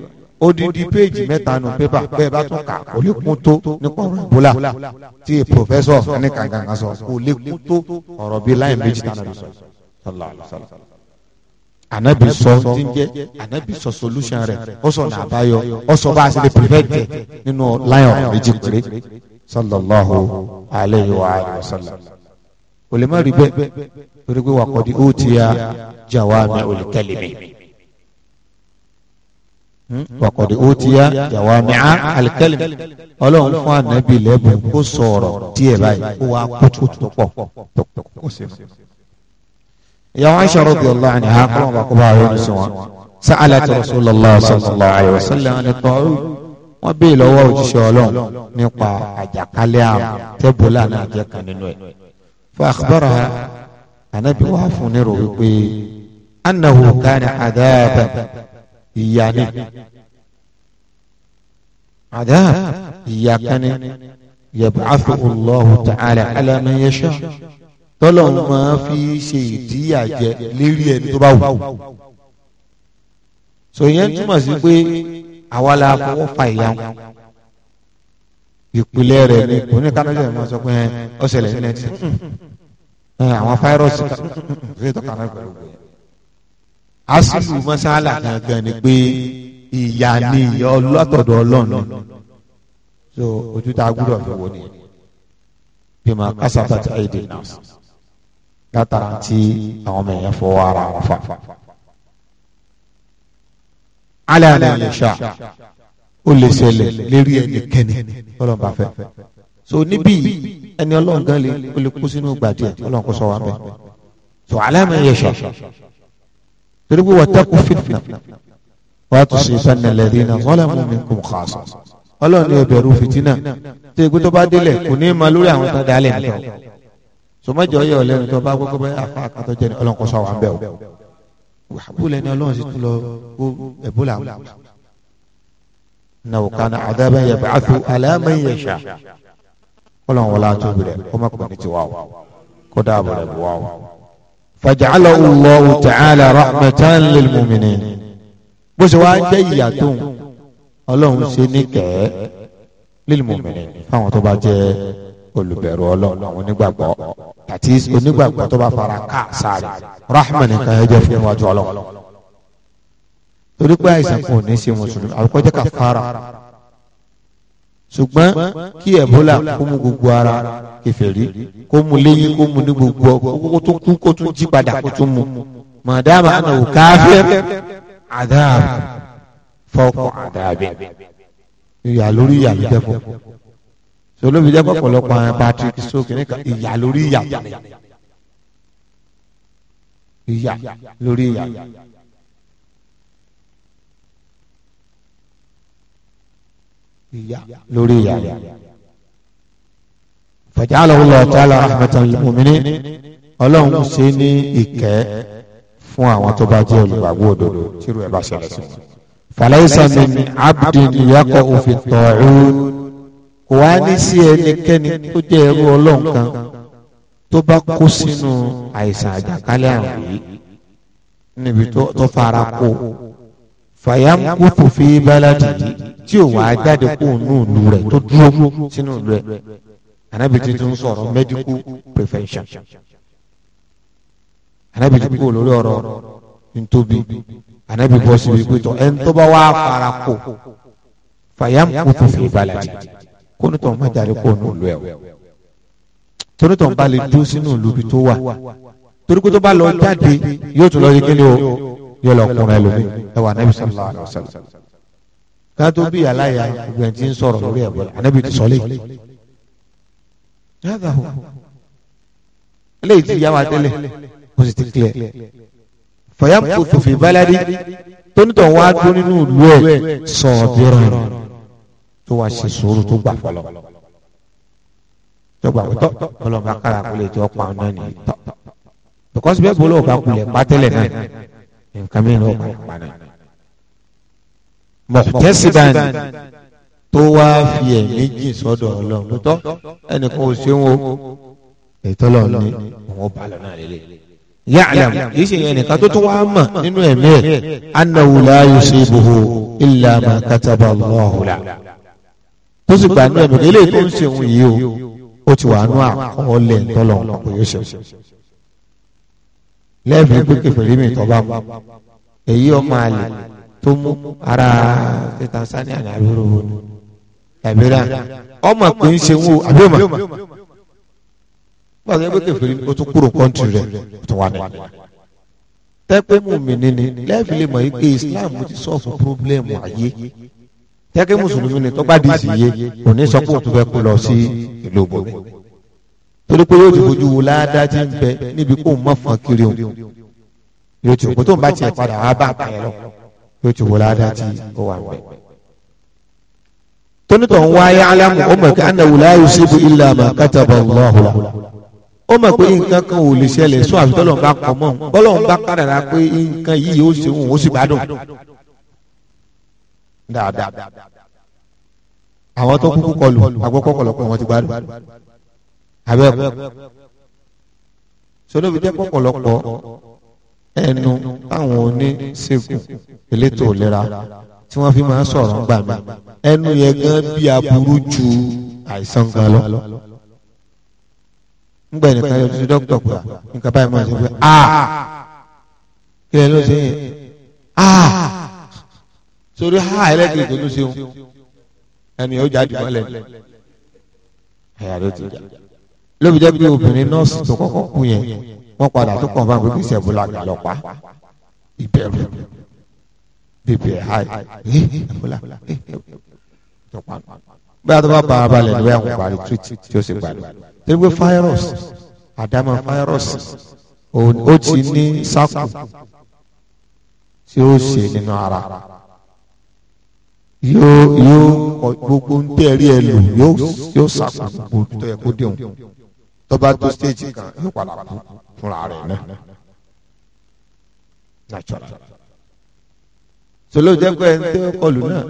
odidi péèjì mẹ́ta nù pépà bẹ́ẹ̀ bá tún kà kò lè kún tó nípa ọ̀rọ̀ ìbólà tí pòfẹ́sọ̀ ní kàǹkàǹkà sọ kò lè kún tó ọ̀rọ̀ bíi láì méjì tánà lọ sọ anabi sọ ti anabi sọ solution rẹ ó sọ ní àbáyọ ó sọ bá a ṣe lè prevent nínú láyọn méjì péré sallallahu alayhi wa sallam kò lè má rí bẹ́ẹ̀ torí pé wàá kọ́ni ó ti ya jawami'ul kalimi hmm? wàá kọ́ni ó ti ya jawami'ul kalimi ọlọ́run fún ànábì lẹ́bùn kó sọ̀rọ̀ díẹ̀ báyìí kó wàá kótó tó pọ̀ kó sì nù. ìyàwó Aisha radiyallahu anha kọ́ wọn bá kó bá wọn ní sí wọn sa'alat Rasulullah sallallahu alaihi wasallam wọ́n bèè lọ́wọ́ òjíṣẹ́ ọlọ́run nípa àjàkálẹ̀ àrùn tẹ́bùlà náà jẹ́ kan nínú ẹ̀ fàkbàrà ànábì wà fún nírò wípé anahu kana àdáàbà ìyá ni àdáàbà ìyá kan ni yab'athu Allahu ta'ala ala man yasha tọ́lọ̀ máa fi ṣe ìdíyàjẹ lérí ẹni tó bá wù sọ yẹn túmọ̀ sí pé àwa la fọwọ́ fa ìyá wọn ìpìlẹ̀ rẹ̀ ni kò ní kánájà ìmọ̀ sọ pé ọ ṣẹlẹ̀ ní ẹtì àwọn fáírọ́ọ̀sì ṣe tọ́ka náà pẹ̀lú gbé. asilu masala gangan ni pé ìyá ni ìyá ọlọ́tọ̀dọ̀ ọlọ́run so ojú tá a gbúdọ̀ fi wò ni bí ma kásáfà ti àyè dè náà látara ti àwọn ọmọ ẹ̀yẹ fọwọ́ ara wọn fà. alẹ́ àná ìyẹn ṣá ó lè ṣẹlẹ̀ lérí ẹnikẹ́ni ọlọ́run bá fẹ́ so níbí ẹni ọlọ́run gan lè ó lè kú sínú gbàdí ẹ̀ ọlọ́run kò sọ wá bẹ́ẹ̀ so aláìmọ̀ yẹ sọ torí pé wọ́tẹ́kù fìtìnà wàá tún sí sanilẹ̀dín náà wọ́n lè mú mi kún kàásọ̀ ọlọ́run ni ọbẹ̀rù fìtìnà tó egbé tó bá délẹ̀ kò ní ma lórí àwọn tó dálẹ̀ nìkan so mọ́jọ yẹ ọ̀lẹ́nu tó bá gbogbo afa àkàtọ́ jẹ́ ni ọlọ́run kò sọ wá bẹ́ẹ̀ o wàá náà kánà àdábà yẹ bàtú aláàmà yẹ ṣá kọlọ̀ wọlé àtúbí rẹ̀ kọ́mọ kọ́ ní tiwa o kó dáàbò rẹ̀ buwa o. fàjàlá Allahu ta'ala rahmatan lil mu'minin bó ṣe wá jẹ́ ìyàtọ̀ ọlọ́run ṣe ní kẹ́ẹ́ lil mu'minin fáwọn tó bá jẹ́ olùbẹ̀rù ọlọ́run àwọn onígbàgbọ́ àti onígbàgbọ́ tó bá fara ká sáré rahman nìkan ẹ jẹ́ fún iwájú ọlọ́run torí pé àìsàn kan ò ní ṣe mùsùlùmí àrùkọ jẹ́ kàfàrà ṣùgbọ́n kí ẹ̀bólà kó mu gbogbo ara kèfèrí kó mu léyìn kó mu ní gbogbo kó tó kú kó tó jí padà kó tó mu màdàmà ànáwó káfíẹ́ àdáàb fọ́ọ̀kọ̀ àdáàbẹ̀ ìyà lórí ìyà ló jẹ́ fún solóbi jẹ́ àwọn patrick sókè ní ìyà lórí ìyà ìyà lórí ìyà. ìyá lórí ìyá fàjálàwò lọ́wọ́ tààlà rahmatan lilmu'minin ọlọ́run ṣe ní ìkẹ́ fún àwọn tó bá jẹ́ olùgbàgbọ́ òdodo tírú ẹ̀ bá ṣẹlẹ̀ sí i fàlàyésà mi ni abdin ìyàkọ̀ òfin tọ̀ọ̀rún kò wá ní sí ẹnikẹ́ni tó jẹ́ ẹrú ọlọ́run kan tó bá kó sínú àìsàn àjàkálẹ̀ àrùn yìí níbi tó fara kó fàyàm kúkú fi báládì tí ò wá jáde kó nù lù rẹ̀ tó dúró sínú rẹ̀ anabi tuntun sọ̀rọ̀ medical prevention anabi tuntun kò lórí ọ̀rọ̀ ntóbi anabi bọ́ síbi pétọ́ ẹ̀ ń tọ́ba wá fara kó fàyàm kúkú fi báládì kó nítorí má jáde kó nù lù ẹ̀ o torí tó ń bá lè dúró sínú ìlú tó wà torí kó tó bá lọ jáde yóò tún lọ yé kí o yóò lọ kún ẹlòmíì ẹwà anabi sallallahu alayhi wa sallam kátó bí aláya ọgbẹ̀n tí ń sọ̀rọ̀ lórí ẹ̀bọ̀ anabi ti sọ́lé yàtọ̀ eléyìí ti yá wa tẹ́lẹ̀ kò sì ti kílẹ̀ fọyàm kò tó fi báládì tónítọ̀ wá tó nínú ìlú ẹ̀ sọ̀ọ́dúnrún tó wá ṣe sùúrù tó gbà fọlọ́ tó gbà wọ́tọ́ ọlọ́ba kára kó lè jọ pa ọ̀nà nìyí tọ́ bẹ́ẹ̀ bọ́lọ́ ọ̀gá kulẹ̀ pátẹ́lẹ̀ náà nǹkan mìíràn ó padà padà mọ̀tẹ́síbáni tó wá fi ẹ̀mí jìn sọ́dọ̀ ọlọ́run lótọ́ ẹnìkan ò ṣe ń wo ètò ọlọ́run ní òun ọba lọ náà lélẹ̀ yàlám kì í ṣe ẹnìkan tó tún wá mọ̀ nínú ẹ̀mí ẹ̀ anáwó láàyò ṣe ibùhù illa ma kataba tó sì gbà nínú ẹ̀mí eléyìí tó ń ṣe òun yìí o ó ti wà nú àkọọ́lẹ̀ ńtọ́lọ̀ ọ̀pọ̀ yóò lẹ́ẹ̀mí pé kẹfẹ́rí mi tọ́ bá mu èyí ọmọ àlè tó mú ara tanzania ní abẹ́rẹ́ owó ni abẹ́rẹ́ ọmọ kò ń ṣe wọ́n abẹ́ mọ̀ báwo ni pé kẹfẹ́rí mi ó tún kúrò kọ́ńtì rẹ̀ tó wà ní. tẹ́pẹ́ mú mi níní lẹ́ẹ̀fì lè mọ̀ yí pé Islam ti sọ́ọ̀fù pírọ́blẹ́mù ayé tẹ́kẹ́ mùsùlùmí ni tọ́gbà dìísì yé kò ní sọ pé òtún fẹ́ kó lọ sí ìlú gbogbo torí pé yóò ti fojú wo ládàá ti ń bẹ níbi kó mọ̀ fún kiri o yóò ti kó tó ń bá tiẹ̀ padà wá bá àpá yẹn lọ yóò ti wo ládàá ó wà bẹ. tónítọ̀ ń wá yá alámù ó mọ̀ pé annahu la yusibu illa ma kataba Allahu ó mọ̀ pé nǹkan kan ò lè ṣẹlẹ̀ sún àfi tọ́lọ̀ ń bá kọ̀ mọ́ bọ́lọ̀ ń bá kádàrá pé nǹkan yìí yóò ṣe òun ó sì gbádùn dáadáa àwọn tó kúkú kọlù àgbọ̀kọ̀ kọlọ̀ pé wọ́n ti gbádùn abẹ́kọ̀ sọlọ́bi jẹ́ pọ̀pọ̀lọpọ̀ ẹnu táwọn oníṣègùn elétò ìlera tí wọ́n fi máa ń sọ̀rọ̀ ń gbà mí ẹnu yẹn gan bí aburú ju àìsàn gan lọ ngbẹ nìkan yóò ti dókítà pé nǹkan báyìí máa ṣe pé a ah! kí ẹ ló ṣe yẹn a ah! sórí ha ah! ẹlẹ́tìrì tó ló ṣe ń ẹnu yẹn ó jáde mọ́lẹ̀ ẹ̀yà ló ti jà lóbi jẹ́ bí obìnrin nọ́ọ̀sì tó kọ́kọ́ kú yẹn wọ́n padà tó kàn fáwọn pípísẹ̀ bọ́lá àgbàlọ́pàá ìbẹ̀rù bèbè àì eh, ẹ̀bọ́lá ẹ̀bọ́lá eh, eh, bí a tó bá ba abalẹ̀ níbẹ̀ àwọn parí tuwiti tí ó sì parí torí pé fáírọ́ọ̀sì àdámọ̀ fáírọ́ọ̀sì ó ti ní sáàkù tí ó ṣe nínú ara yóò yóò gbogbo ń tẹ̀rí ẹ lò yóò yóò sáàkù gbogbo tó yẹ kó dé òun tọ́ba tó stage kan yóò padà kú fúnra rẹ̀ náà natural solo jẹ́ pé ẹni tẹ́ kọlù náà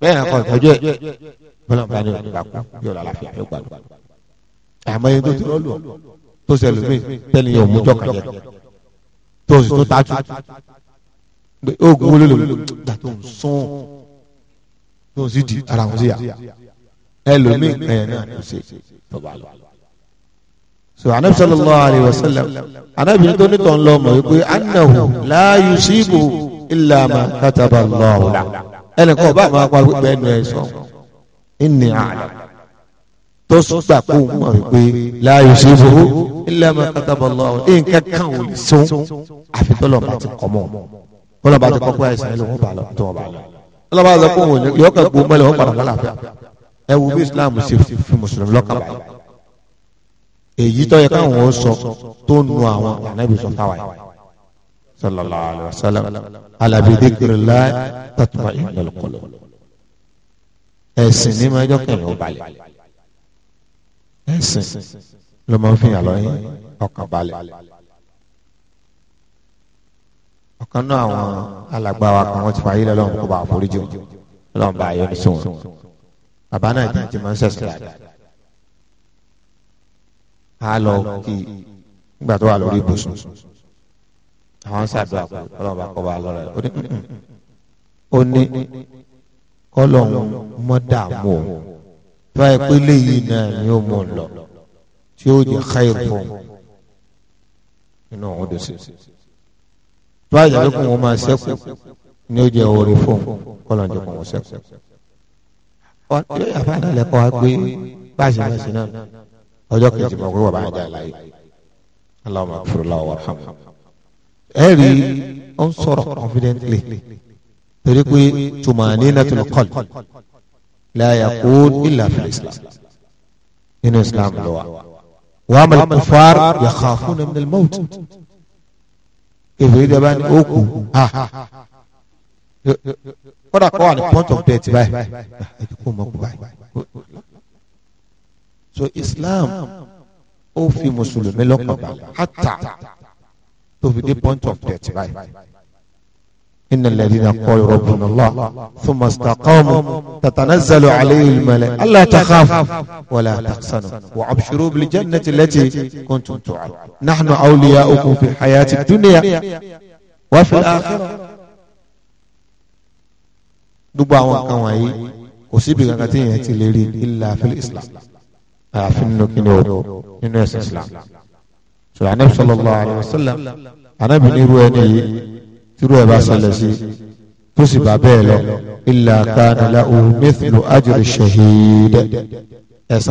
bẹ́ẹ̀ akọ ìtọ́jú ẹ̀ bọ́lá ń bá ní ọ̀gá kú yóò lọ àlàáfíà yóò gbàdúrà àmọ́ ẹni tó ti rọ́ọ̀lù tó ṣẹlẹ̀ mí tẹ́ni yóò mú jọ́kàn jẹ tó sì tó tájú oògùn olólò gbà tó ń sún tó sì di ara wọn sí yà ẹlòmíì ẹ̀yẹ náà kò ṣe tọ́ba lọ so anabi sallallahu alayhi wa sallam anabi tó ní tọ́n lọ mọ̀ wípé anahu la yusibu illa ma kataba Allahu la ẹnìkan ọba àmọ́ apá pípẹ́ ẹnu ẹ̀ sọ inni a'lam tó gbà kó mọ̀ wípé la yusibu illa ma kataba Allahu nǹkan kan ò lè sún àfi tọ́lọ̀ bá ti kọ́ mọ́ tọ́lọ̀ bá ti kọ́ pé ẹ̀ ló ń tó wọ́n bà lọ. ti kọ́ wọn yọ̀ọ́kẹ́ gbó mọ́lẹ̀ wọ́n padà wọ́n láàfin bí Islam ṣe fi mùsùlùmí lọ́kàn èyí tó yẹ káwọn ó sọ tó nu àwọn ànábì sọ táwa yìí sallallahu alayhi wa sallam ala bi dhikrillah tatma'innul qulub ẹ̀sìn ní mẹ́jọ kẹrin ó balẹ̀ ẹ̀sìn ló máa ń fi hàn lọ́yìn ọkàn balẹ̀ ọ̀kan náà àwọn alàgbà wa kan wọ́n ti fàyè lọ́wọ́ kó bá àforíjì wọn lọ́wọ́ bá ayọ́ ní sóun bàbá náà ti máa ń sẹ́sìn dáadáa á lọ kí nígbà tó wà lórí ibùsùn àwọn ń ṣàdúrà pé ọlọ́run bá kọ́ bá lọ́rọ̀ rẹ̀ ó ní mm, mm, mm. ó ní kọ́lọ́hún mọ́dààmú o báyìí pé léyìí náà ni ó mú un lọ tí ó jẹ káyọ̀ fún un ọ̀hún dòṣe báyìí àbí kò máa ṣẹ́kù ni ó jẹ oore fún un kọ́lọ́hún jẹ kò wọ́n ṣẹ́kù. ọ̀rẹ́ yàrá ìdálẹ́kọ̀ọ́ wa gbé báàṣì náà sí náà ọjọ́ kejì mọ̀ pé wà bá ń jà láyé Allahumma ghfirlahu warhamhu. ẹ rí ó ń sọ̀rọ̀ confidently torí pé tumaninatul qalb la yaqud illa fil islam nínú islam ló wà. wa amal kufar yakhafuna min al-maut èfèrè dẹ́ bá ní ó kù ha kódà kọ́ wà point of death báyìí. so Islam ó fi mùsùlùmí lọ́kàn bá hàtà tó fi dé point of death báyìí. إن الذين قالوا ربنا الله ثم استقاموا تتنزل عليهم الملائكة ألا تخافوا ولا تحزنوا وأبشروا بالجنة التي كنتم توعدون نحن أولياؤكم في الحياة الدنيا وفي الآخرة دبا وكواني وسيبي غاتين إلا في الإسلام àfin ló kí ni o nínú ẹ̀sìn islam ṣùgbọ́n anabi sallallahu alayhi wa sallam anabi ní irú ẹni yìí tírú ẹ̀ bá ṣẹlẹ̀ sí tó sì bá bẹ́ẹ̀ lọ illa kana lahu mithlu ajri shahid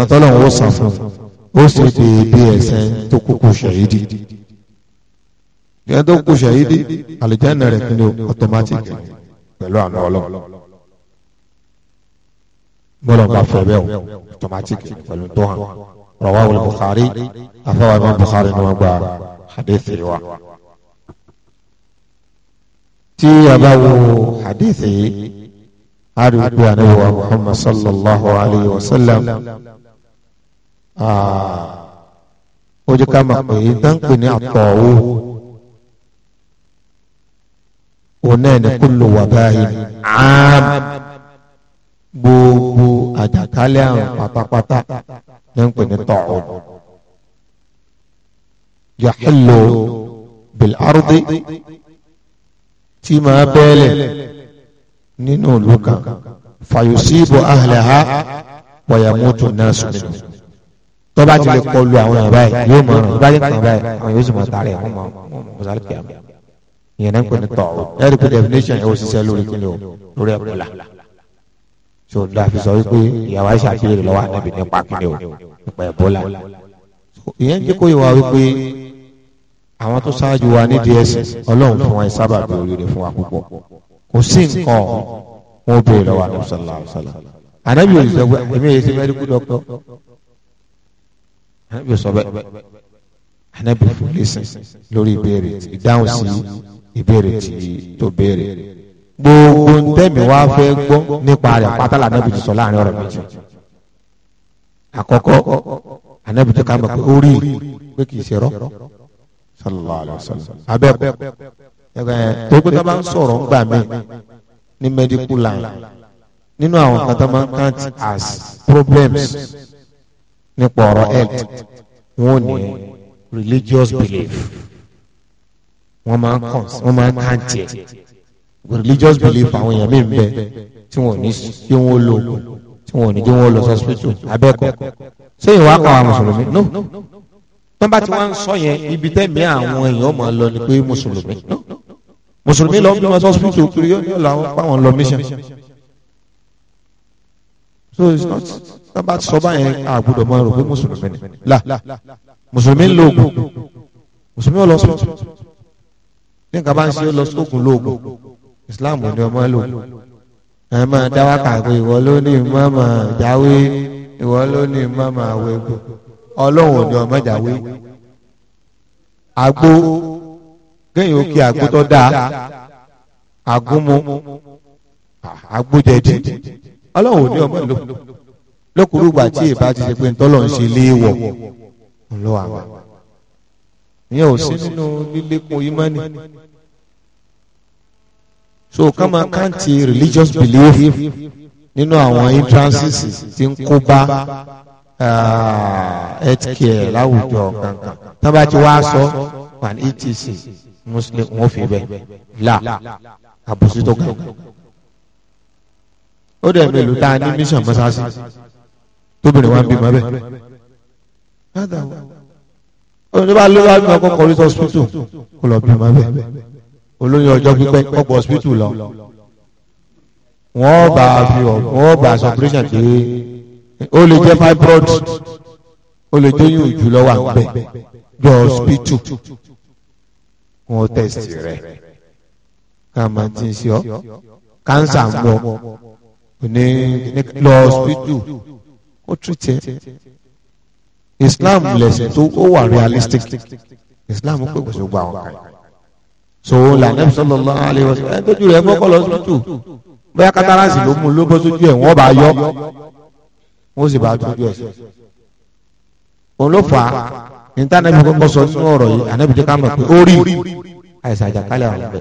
tọ́lọ̀ ń wò sàn fún ó sì déédé ẹ̀san tó kúkú ṣahidi ìyẹn tó kúkú ṣahidi àlùjánnà rẹ̀ kí ni o automatic pẹ̀lú àná ọlọ́run bọ́lọ̀ bá fẹ́ bẹ́ẹ̀ o tọ́mátìkì pẹ̀lú tó hàn rawahu al-Bukhari afẹ́wà imam Bukhari ni wọ́n gba hadith yìí wa. tí a bá wo hadith yìí a rí i pé anabi wa Muhammad sallallahu alayhi wa sallam ó jẹ́ ká máa pè é dáńpé ní àtọ̀wò òun náà ní kullu gbogbo àjàkálẹ̀ àrùn pátápátá ní ń pè ní tọ̀ọ̀d yàhìlò bìlárùdì tí máa bẹ́ẹ̀lẹ̀ nínú ìlú kan fàyòsíbò ahlaha wàyàmútò náà sùnmù tó bá ti lè kọlu àwọn yàrá yìí yóò mọ ọ̀ràn ìbájú kan báyìí àwọn yóò sì mọ tààrẹ àwọn ọmọ mùsàlù ìyẹn náà ń pè ní tọ̀ọ̀d ẹ̀rí pé definition yẹn ó ṣiṣẹ́ lórí kílò lórí ẹ̀kọ́ la so n dàbí sọ wípé ìyàwó àyíṣà béèrè lọ́wọ́ ànábì nípa kíni o nípa ẹ̀bọ́là ìyẹn jẹ́ kó ìwà wípé àwọn tó ṣáájú wa ní ds ọlọ́run fún wa ẹ sábà bí oríire fún wa púpọ̀ kò sí nǹkan wọn béèrè lọ́wọ́ ànábì sallallahu alaihi wasallam ànábì ò sọ pé èmi èyí ti mẹ́díkù dọ́kítọ́ ànábì ò sọ bẹ́ẹ̀ ànábì fún lẹ́sìn lórí ìbéèrè ìdáhùn sí ìbéèrè tí tó béèrè gbogbo ntẹ́mi wá fẹ́ gbọ́ nípa rẹ̀ pátá la anabi ti sọ láàrin ọ̀rọ̀ méjì àkọ́kọ́ anabi ti ká mọ̀ pé ó rí pé kì í ṣe rọ́ sallallahu alayhi wa sallam abẹ́kọ̀ ẹ̀ẹ́ tó gbé tó bá ń sọ̀rọ̀ ńgbà mí ní medical line nínú àwọn kan tó máa ń count as problems nípa ọ̀rọ̀ health wọ́n ní religious belief wọ́n máa ń count wọ́n máa ń count yẹn religious belief àwọn èèyàn mi ń bẹ tí wọn ò ní jẹ́ wọn lò tí wọn ò ní jẹ́ wọn lọ sọ́sìpítù abẹ́kọ̀ ṣé ìwà kan àwọn mùsùlùmí no tó bá ti wá ń sọ yẹn ibi tẹ́mi àwọn èèyàn máa lọ ni pé mùsùlùmí no mùsùlùmí lọ bí wọn sọ́sìpítù kiri yóò lọ àwọn pàwọn lọ mission so it's not tó bá ti sọ báyẹn àgbọ́dọ̀ máa rò pé mùsùlùmí ni là mùsùlùmí ń lo oògùn mùsùlùmí ò lọ sọ́sìpítù ní nǹkan bá ń ṣe lọ sóògùn lóògùn islam ni ọmọ lò ẹ máa dá wákà pé ìwọ ló ní mọ́mọ́ jáwé ìwọ ló ní mọ́mọ́ àwẹ̀gbò ọlọ́run ni ọmọ jáwé àgbo kéèyàn ó kí àgbo tó dáa àgúnmu àgbo jẹ̀dí ọlọ́run ni ọmọ lò lókùrúgbà tí ìbá ti ṣe pé ntọ́lọ̀ ń ṣe léèwọ̀ ńlọ àwọn ìyẹn ò sí nínú lílékun ìmánì so ká máa religious belief nínú àwọn entrances tí ń kó bá ah, health care láwùjọ kankan tá bá ti sọ pan etc muslim wọn fi bẹ la àbùsí tó kàn ó dẹ̀ mélòó tá a ní mission mọ́sáàsì tóbìnrin wa ń bímọ bẹ́ẹ̀ ó ní bá ló bá bímọ kó kọrí kó lọ bímọ bẹ́ẹ̀ olóyún ọjọ́ pípẹ́ ọ̀pọ̀ hospital lọ wọ́n bá fi wọ́n bá sọpírẹ́sàn pé ó lè jẹ́ fibroid ó lè jẹ́ yóò jù lọ́wọ́ àgbẹ̀ jọ hospital wọ́n test rẹ̀ ká máa ti ń ṣe ọ́ kánsà ń bọ̀ ní lọ hospital ó tún tiẹ̀ Islam lẹ̀sìn tó ó wà realistic Islam pé kò sí gbogbo àwọn kan yìí sòwò là nẹ́bí sallallahu alaihi wasallam tójú rẹ̀ mọ́kọ́ lọ sójú bóyá kátàràsì ló mú ló bọ́ sójú ẹ̀ wọ́n bá yọ wọ́n sì bá tójú ẹ̀ sí. òun ló fà á níta nẹ́bí kọ́kọ́ sọ nínú ọ̀rọ̀ yìí ànẹ́bí jẹ́ ká mọ̀ pé ó rí àìsàn àjàkálẹ̀ àwọn ọ̀bẹ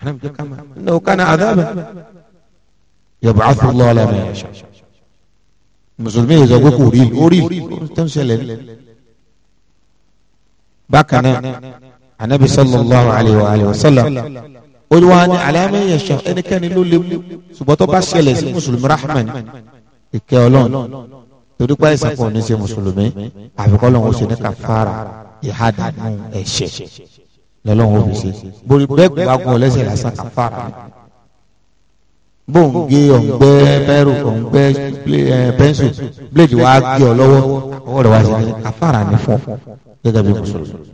ànẹ́bí jẹ́ ká mọ̀ ní o kánà àdábẹ̀ yab'athu Allahu lana yasha mùsùlùmí yìí sọ pé kò rí ó rí tó ń ṣẹlẹ̀ bákan náà anabi sallallahu alayhi wa alayhi wa sallam olùwà ni alámi yẹsẹ ẹnikẹ́ni ló lé mu ṣùgbọ́n tó bá ṣẹlẹ̀ sí mùsùlùmí rahman ìkẹ́ ọlọ́run torí pa ẹ̀sìn pọ̀ ní ṣe mùsùlùmí àbíkọ́ lọ́wọ́ ṣe ní kàfàrà ìhádàánú ẹ̀ṣẹ̀ lọ́lọ́wọ́ òbí ṣe borí bẹ́ẹ̀ gbàgbọ́ ọlẹ́sẹ̀ lásán kàfàrà bóńgé ọ̀ngbẹ́ bẹ́rù ọ̀ngbẹ́ pẹ́ńsù bíléèdì wa gé ọ lọ́wọ́ ọwọ́ rẹ̀ wá sí kàfàrà ní fún gẹ́gẹ́ bí mùsùlùmí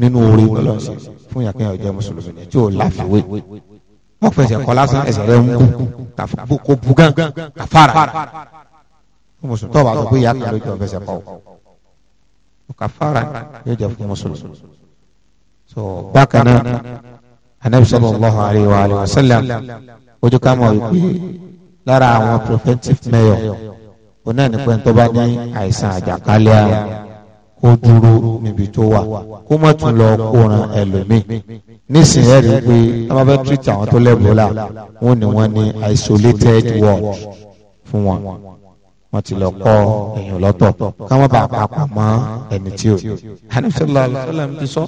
nínú orí ọlọ́sẹ̀ fún yàn kéèyàn jẹ́ mùsùlùmí ni tí ò láfiwé wọ́n fẹsẹ̀ kọ́ lásán ẹsẹ̀ rẹ̀ ń kú kó bu gán kàfàrà mùsùlùmí tọ́ba tó kó yà kàn lójú ọ̀fẹsẹ̀ kọ́ kàfàrà yóò jẹ́ fún mùsùlùmí. so bákan náà anabi sallallahu alayhi wa alayhi wa sallam ojú ká mọ̀ wípé lára àwọn preventive mayor onáà nípa ẹni tó bá ní àìsàn àjàkálẹ̀ àrùn kó dúró níbi tó wà kó má tún lọ kóran ẹlòmíì nísìnyí rí i pé wọ́n fẹ́ tírìtì àwọn tó lẹ́bùrọ́là wọ́n ní wọ́n ní isolated ward fún wọn wọ́n ti lọ kọ́ ẹ̀yìn lọ́tọ̀ ká má bàa papọ̀ mọ́ ẹni tí o. anamsala alasalam ti sọ.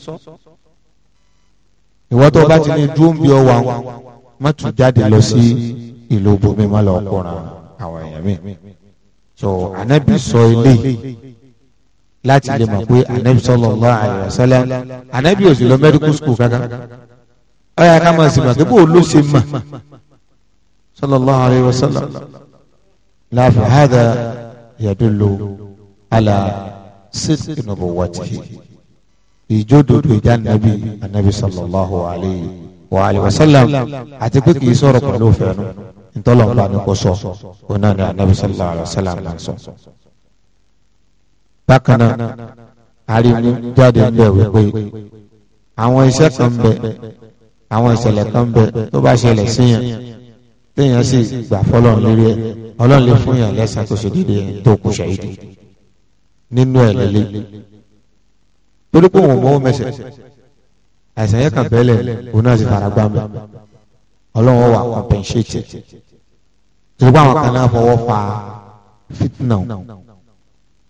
ìwọ tó o bá ti ní dúró bí ọ wà má tún jáde lọ sí ìlú bomi má lọ kóran àwọn èèyàn mi. so anabi sọ eléyìí láti lè mọ̀ pé anabi sallallahu alaihi wasallam anabi ò sì lọ medical school kankan ó yá ká máa sì mọ̀ pé bó ló ṣe mọ̀ sallallahu alaihi wasallam láàfin hada yadullu ala sidq nubuwwatihi ìjódòdò ìjà nàbí anabi sallallahu alaihi wa alihi wasallam àti pé kì í sọ̀rọ̀ pẹ̀lú òfin ẹnu ntọ́lọ́mpa ni kò sọ ọ náà ni anabi sallallahu alaihi wasallam náà bákan náà ariwo jáde ń bẹ wípé àwọn iṣẹ́ kan bẹ àwọn ìṣẹ̀lẹ̀ kan bẹ tó bá ṣẹlẹ̀ síyàn téèyàn sì gbà fọlọ́n lórí ẹ̀ ọlọ́run lè fún yàn lẹ́sàn tó ṣe dédé ẹ̀ tó kù ṣàyídì nínú ẹ̀ lélẹ̀ torí pé òun mọ́wọ́ mẹsẹ̀ àìsàn yẹn kan bẹ́lẹ̀ òun náà sì fara gbá mi ọlọ́run wà compensate ìgbà àwọn kan náà fọwọ́ fa fitna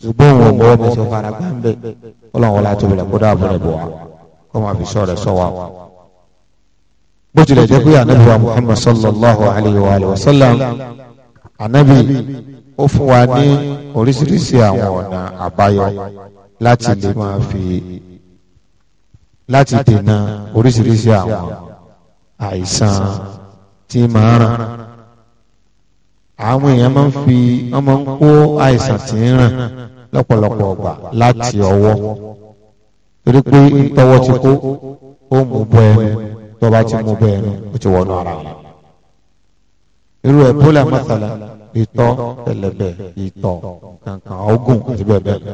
ṣùgbọ́n òun bọ́ mi sọ fara gbá ń bẹ̀ ọlọ́run wọlé àti òbílẹ̀ kódà àbúrò bọ̀ wá kó máa fi sọ̀rọ̀ sọ wa. bó tilẹ̀ jẹ́ pé anabi wa muhammad sallallahu alayhi wa sallam anabi ó fún wa ní oríṣiríṣi àwọn ọ̀nà àbáyọ láti lè máa fi láti dènà oríṣiríṣi àwọn àìsàn tí máa ràn àwọn èèyàn máa ń fi wọ́n máa ń kó àìsàn tí ń ràn lọ́pọ̀lọpọ̀ ọgbà láti ọwọ́ torí pé ntọ́wọ́ ti kó ó mú bọ́ ẹnu tó bá ti mú bọ́ ẹnu ó ti wọnú ara rẹ̀ irú Ebola mọ́tàlá ìtọ̀ pẹlẹbẹ ìtọ̀ kankan ọgùn àti bẹ́ẹ̀ bẹ́ẹ̀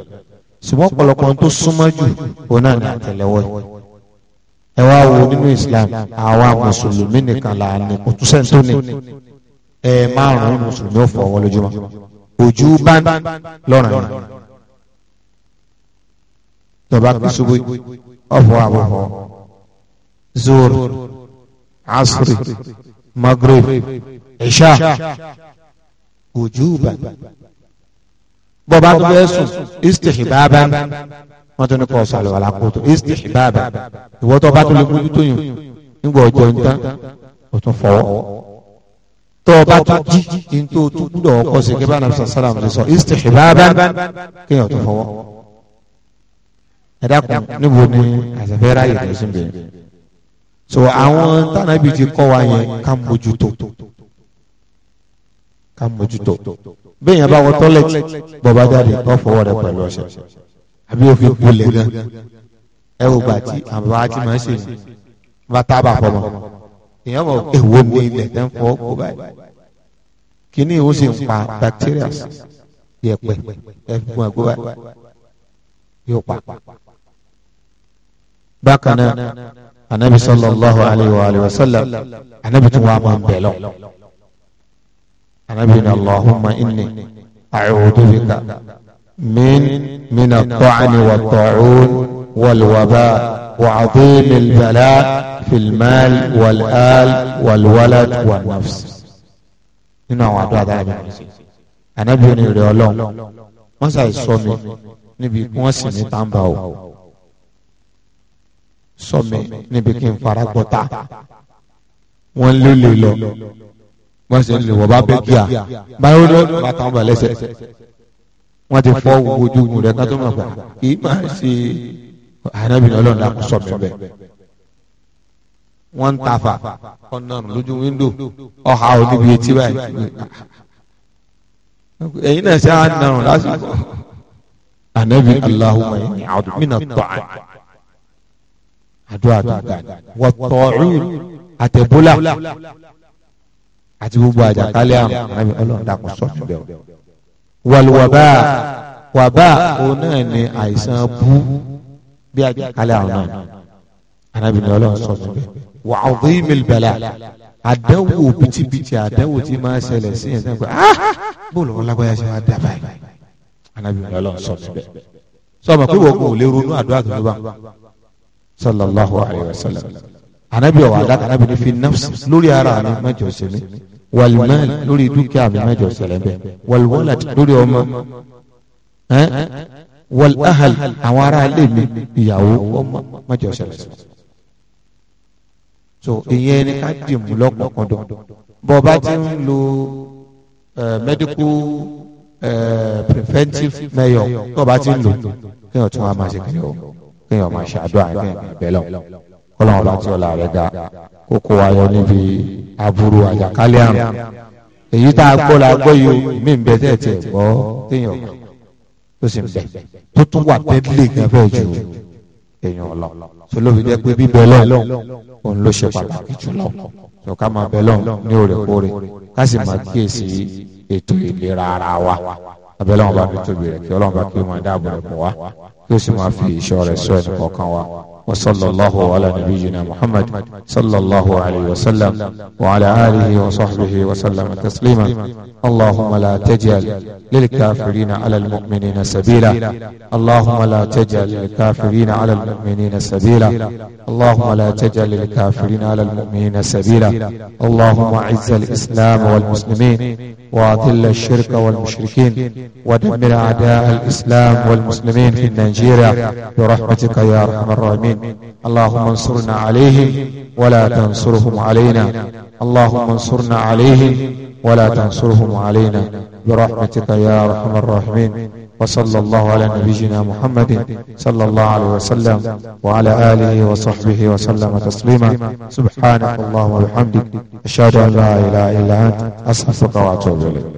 ṣùgbọ́n ọ̀pọ̀lọpọ̀ tó súnmọ́ jù òun náà ní àtẹlẹwọ́ yìí ẹ wá wo nínú Islam àwa mùsùlùmí nìkan là á ní kò tún sẹ́ńtò ní ẹ márùn-ún mùsùlùmí ò fọwọ́ lójúmọ́ ojú bá lọ́ràn yẹn tọba kí ṣubú ọ̀fọ̀ àbọ̀fọ̀ zuhur asri magrib isha ojú bá bọba tó bẹ sùn istihbaba wọn tún ní kọ sọlọ wàlá kótó istihbaba ìwọ tó bá tó lè mójútó yìí nígbà ọjọ́ ń tán o tún fọwọ́ tọba tó jí ntó tó gbúdọ̀ ọkọ sí kí bá nàbẹ sàlám ṣe sọ istihbaban kéèyàn tó fọwọ́ ẹ̀dá kan níbo ni àzàfẹ́rẹ́ ayé rẹ̀ sí bẹ́ẹ̀ so àwọn tànàbí ti kọ́ wa yẹn ká mójútó ká mójútó bẹ́ẹ̀ yẹn bá wọ tọ́lẹ̀tì bọ́ba jáde tó fọwọ́ rẹ̀ pẹ̀lú ọṣẹ àbí òfin gbolẹ̀ gan ẹ wò gbà tí àbá ti ṣe bá tábà fọmọ èèyàn mọ̀ èwo ni ilẹ̀ tẹ́ ń fọ́ kó báyìí kíní ìwọ sì ń pa bacteria yẹ̀pẹ̀ ẹ̀gbọ́n ẹ̀gbọ́n báyìí yóò pa. bákan náà anabi sallallahu alayhi wa alayhi wa sallam anabi tún wà máa ń bẹ̀ lọ anabi ní allahumma inni a'udhu bika min min at-ta'ni wa at-ta'un. والوباء وعظيم البلاء في المال والآل والولد والنفس nínú àwọn àdó àdáyébá ànábì ní ìrẹ Ọlọ́run wọn sàì sọ mi níbi wọn sì ní tàǹbà o sọ mi níbi kí n fara gbọta wọn lé lè lọ wọn sì ń lè wọ bẹ gíà báyọ lọ bá tàǹbà lẹ́sẹ̀ wọn ti fọ ojú rẹ kátó máa gbà kì í máa ṣe ànábì ní ọlọ́run dàkú sọ bẹ́ẹ̀ wọ́n ń tafa ọ̀nà lójú windo ọ̀hà oníbi etí báyìí ẹ̀yin náà ṣe àdánù lásìkò ànábì aláhùnmá yìí àdùmínà tọ́à àdúrà tó ga wọ́tọ̀ọ̀rù àtẹ̀bólà àti gbogbo àjàkálẹ̀ àrùn ànábì ọlọ́run dàkú sọ bẹ́ẹ̀ wàlúwàbá wàbá òun náà ni àìsàn bú bí àjàkálẹ̀ àrùn náà anabi ni Ọlọ́run sọ níbẹ̀ wà azimil bala àdánwò bìtìbìtì àdánwò tí máa ṣẹlẹ̀ sí ẹ̀ náà pé ah, ah, ah bóòlù wọn lágbáyà ṣe máa dábàá yìí anabi ni Ọlọ́run sọ níbẹ̀ sọmọ pé wọn kò lè ronú àdúrà tó bá sallallahu alayhi wa sallam anabi ọwọ adaka anabi ni fi nafsi lórí ara mi mẹjọ sẹmi walimal lórí dúkìá mi mẹjọ sẹlẹ bẹ waliwalad lórí ọmọ wal ahal àwọn ará ilé mi ìyàwó ọmọ mọ́jọ ṣẹlẹ̀ so ìyẹn ni ká dìmú lọ́kọ̀ọ̀kan dán bọ́ bá ti ń lo medical preventive mayor tó bá ti ń lò kéèyàn tún wá máa ṣe kéèyàn kéèyàn máa ṣe àdúrà kéèyàn bẹ́ẹ̀ lọ kọ́lọ́n ọba tí ọlá rẹ̀ ga kókó ayọ̀ níbi aburú àjàkálẹ̀ àrùn èyí tá a gbọ́ la gbọ́ yìí mí ń bẹ tẹ̀ tẹ̀ gbọ́ téèyàn kan tó sì ń bẹ tó tún wà tẹ́lẹ̀ gan bẹ́ẹ̀ ju èèyàn lọ solóbi jẹ́ pé bíbẹ lọ́hùn òun ló ṣe pàtàkì jùlọ ṣọ̀ká máa bẹ lọ́hùn ní òrèkóòrè ká sì máa kíyèsí ètò ìlera ara wa abẹ́lẹ́ wọn bá fi tóbi rẹ̀ kí ọlọ́run bá kí ó dáàbò rẹ̀ bọ̀ wá kí ó sì máa fi ìṣọ́ rẹ̀ sọ ẹnì kọ̀ọ̀kan wa. وصلى الله على نبينا محمد صلى الله عليه وسلم وعلى آله وصحبه وسلم تسليما اللهم لا تجعل للكافرين على المؤمنين سبيلا اللهم لا تجعل للكافرين على المؤمنين سبيلا اللهم لا تجعل للكافرين على المؤمنين سبيلا اللهم اعز الإسلام والمسلمين وأذل الشرك والمشركين ودمر أعداء الإسلام والمسلمين في نيجيريا برحمتك يا أرحم الراحمين اللهم انصرنا عليهم ولا تنصرهم علينا اللهم انصرنا عليهم ولا تنصرهم علينا برحمتك يا أرحم الراحمين وصلى الله على نبينا محمد صلى الله عليه وسلم وعلى آله وصحبه وسلم تسليما سبحانك اللهم وبحمدك أشهد أن لا إله إلا أنت أستغفرك وأتوب إليك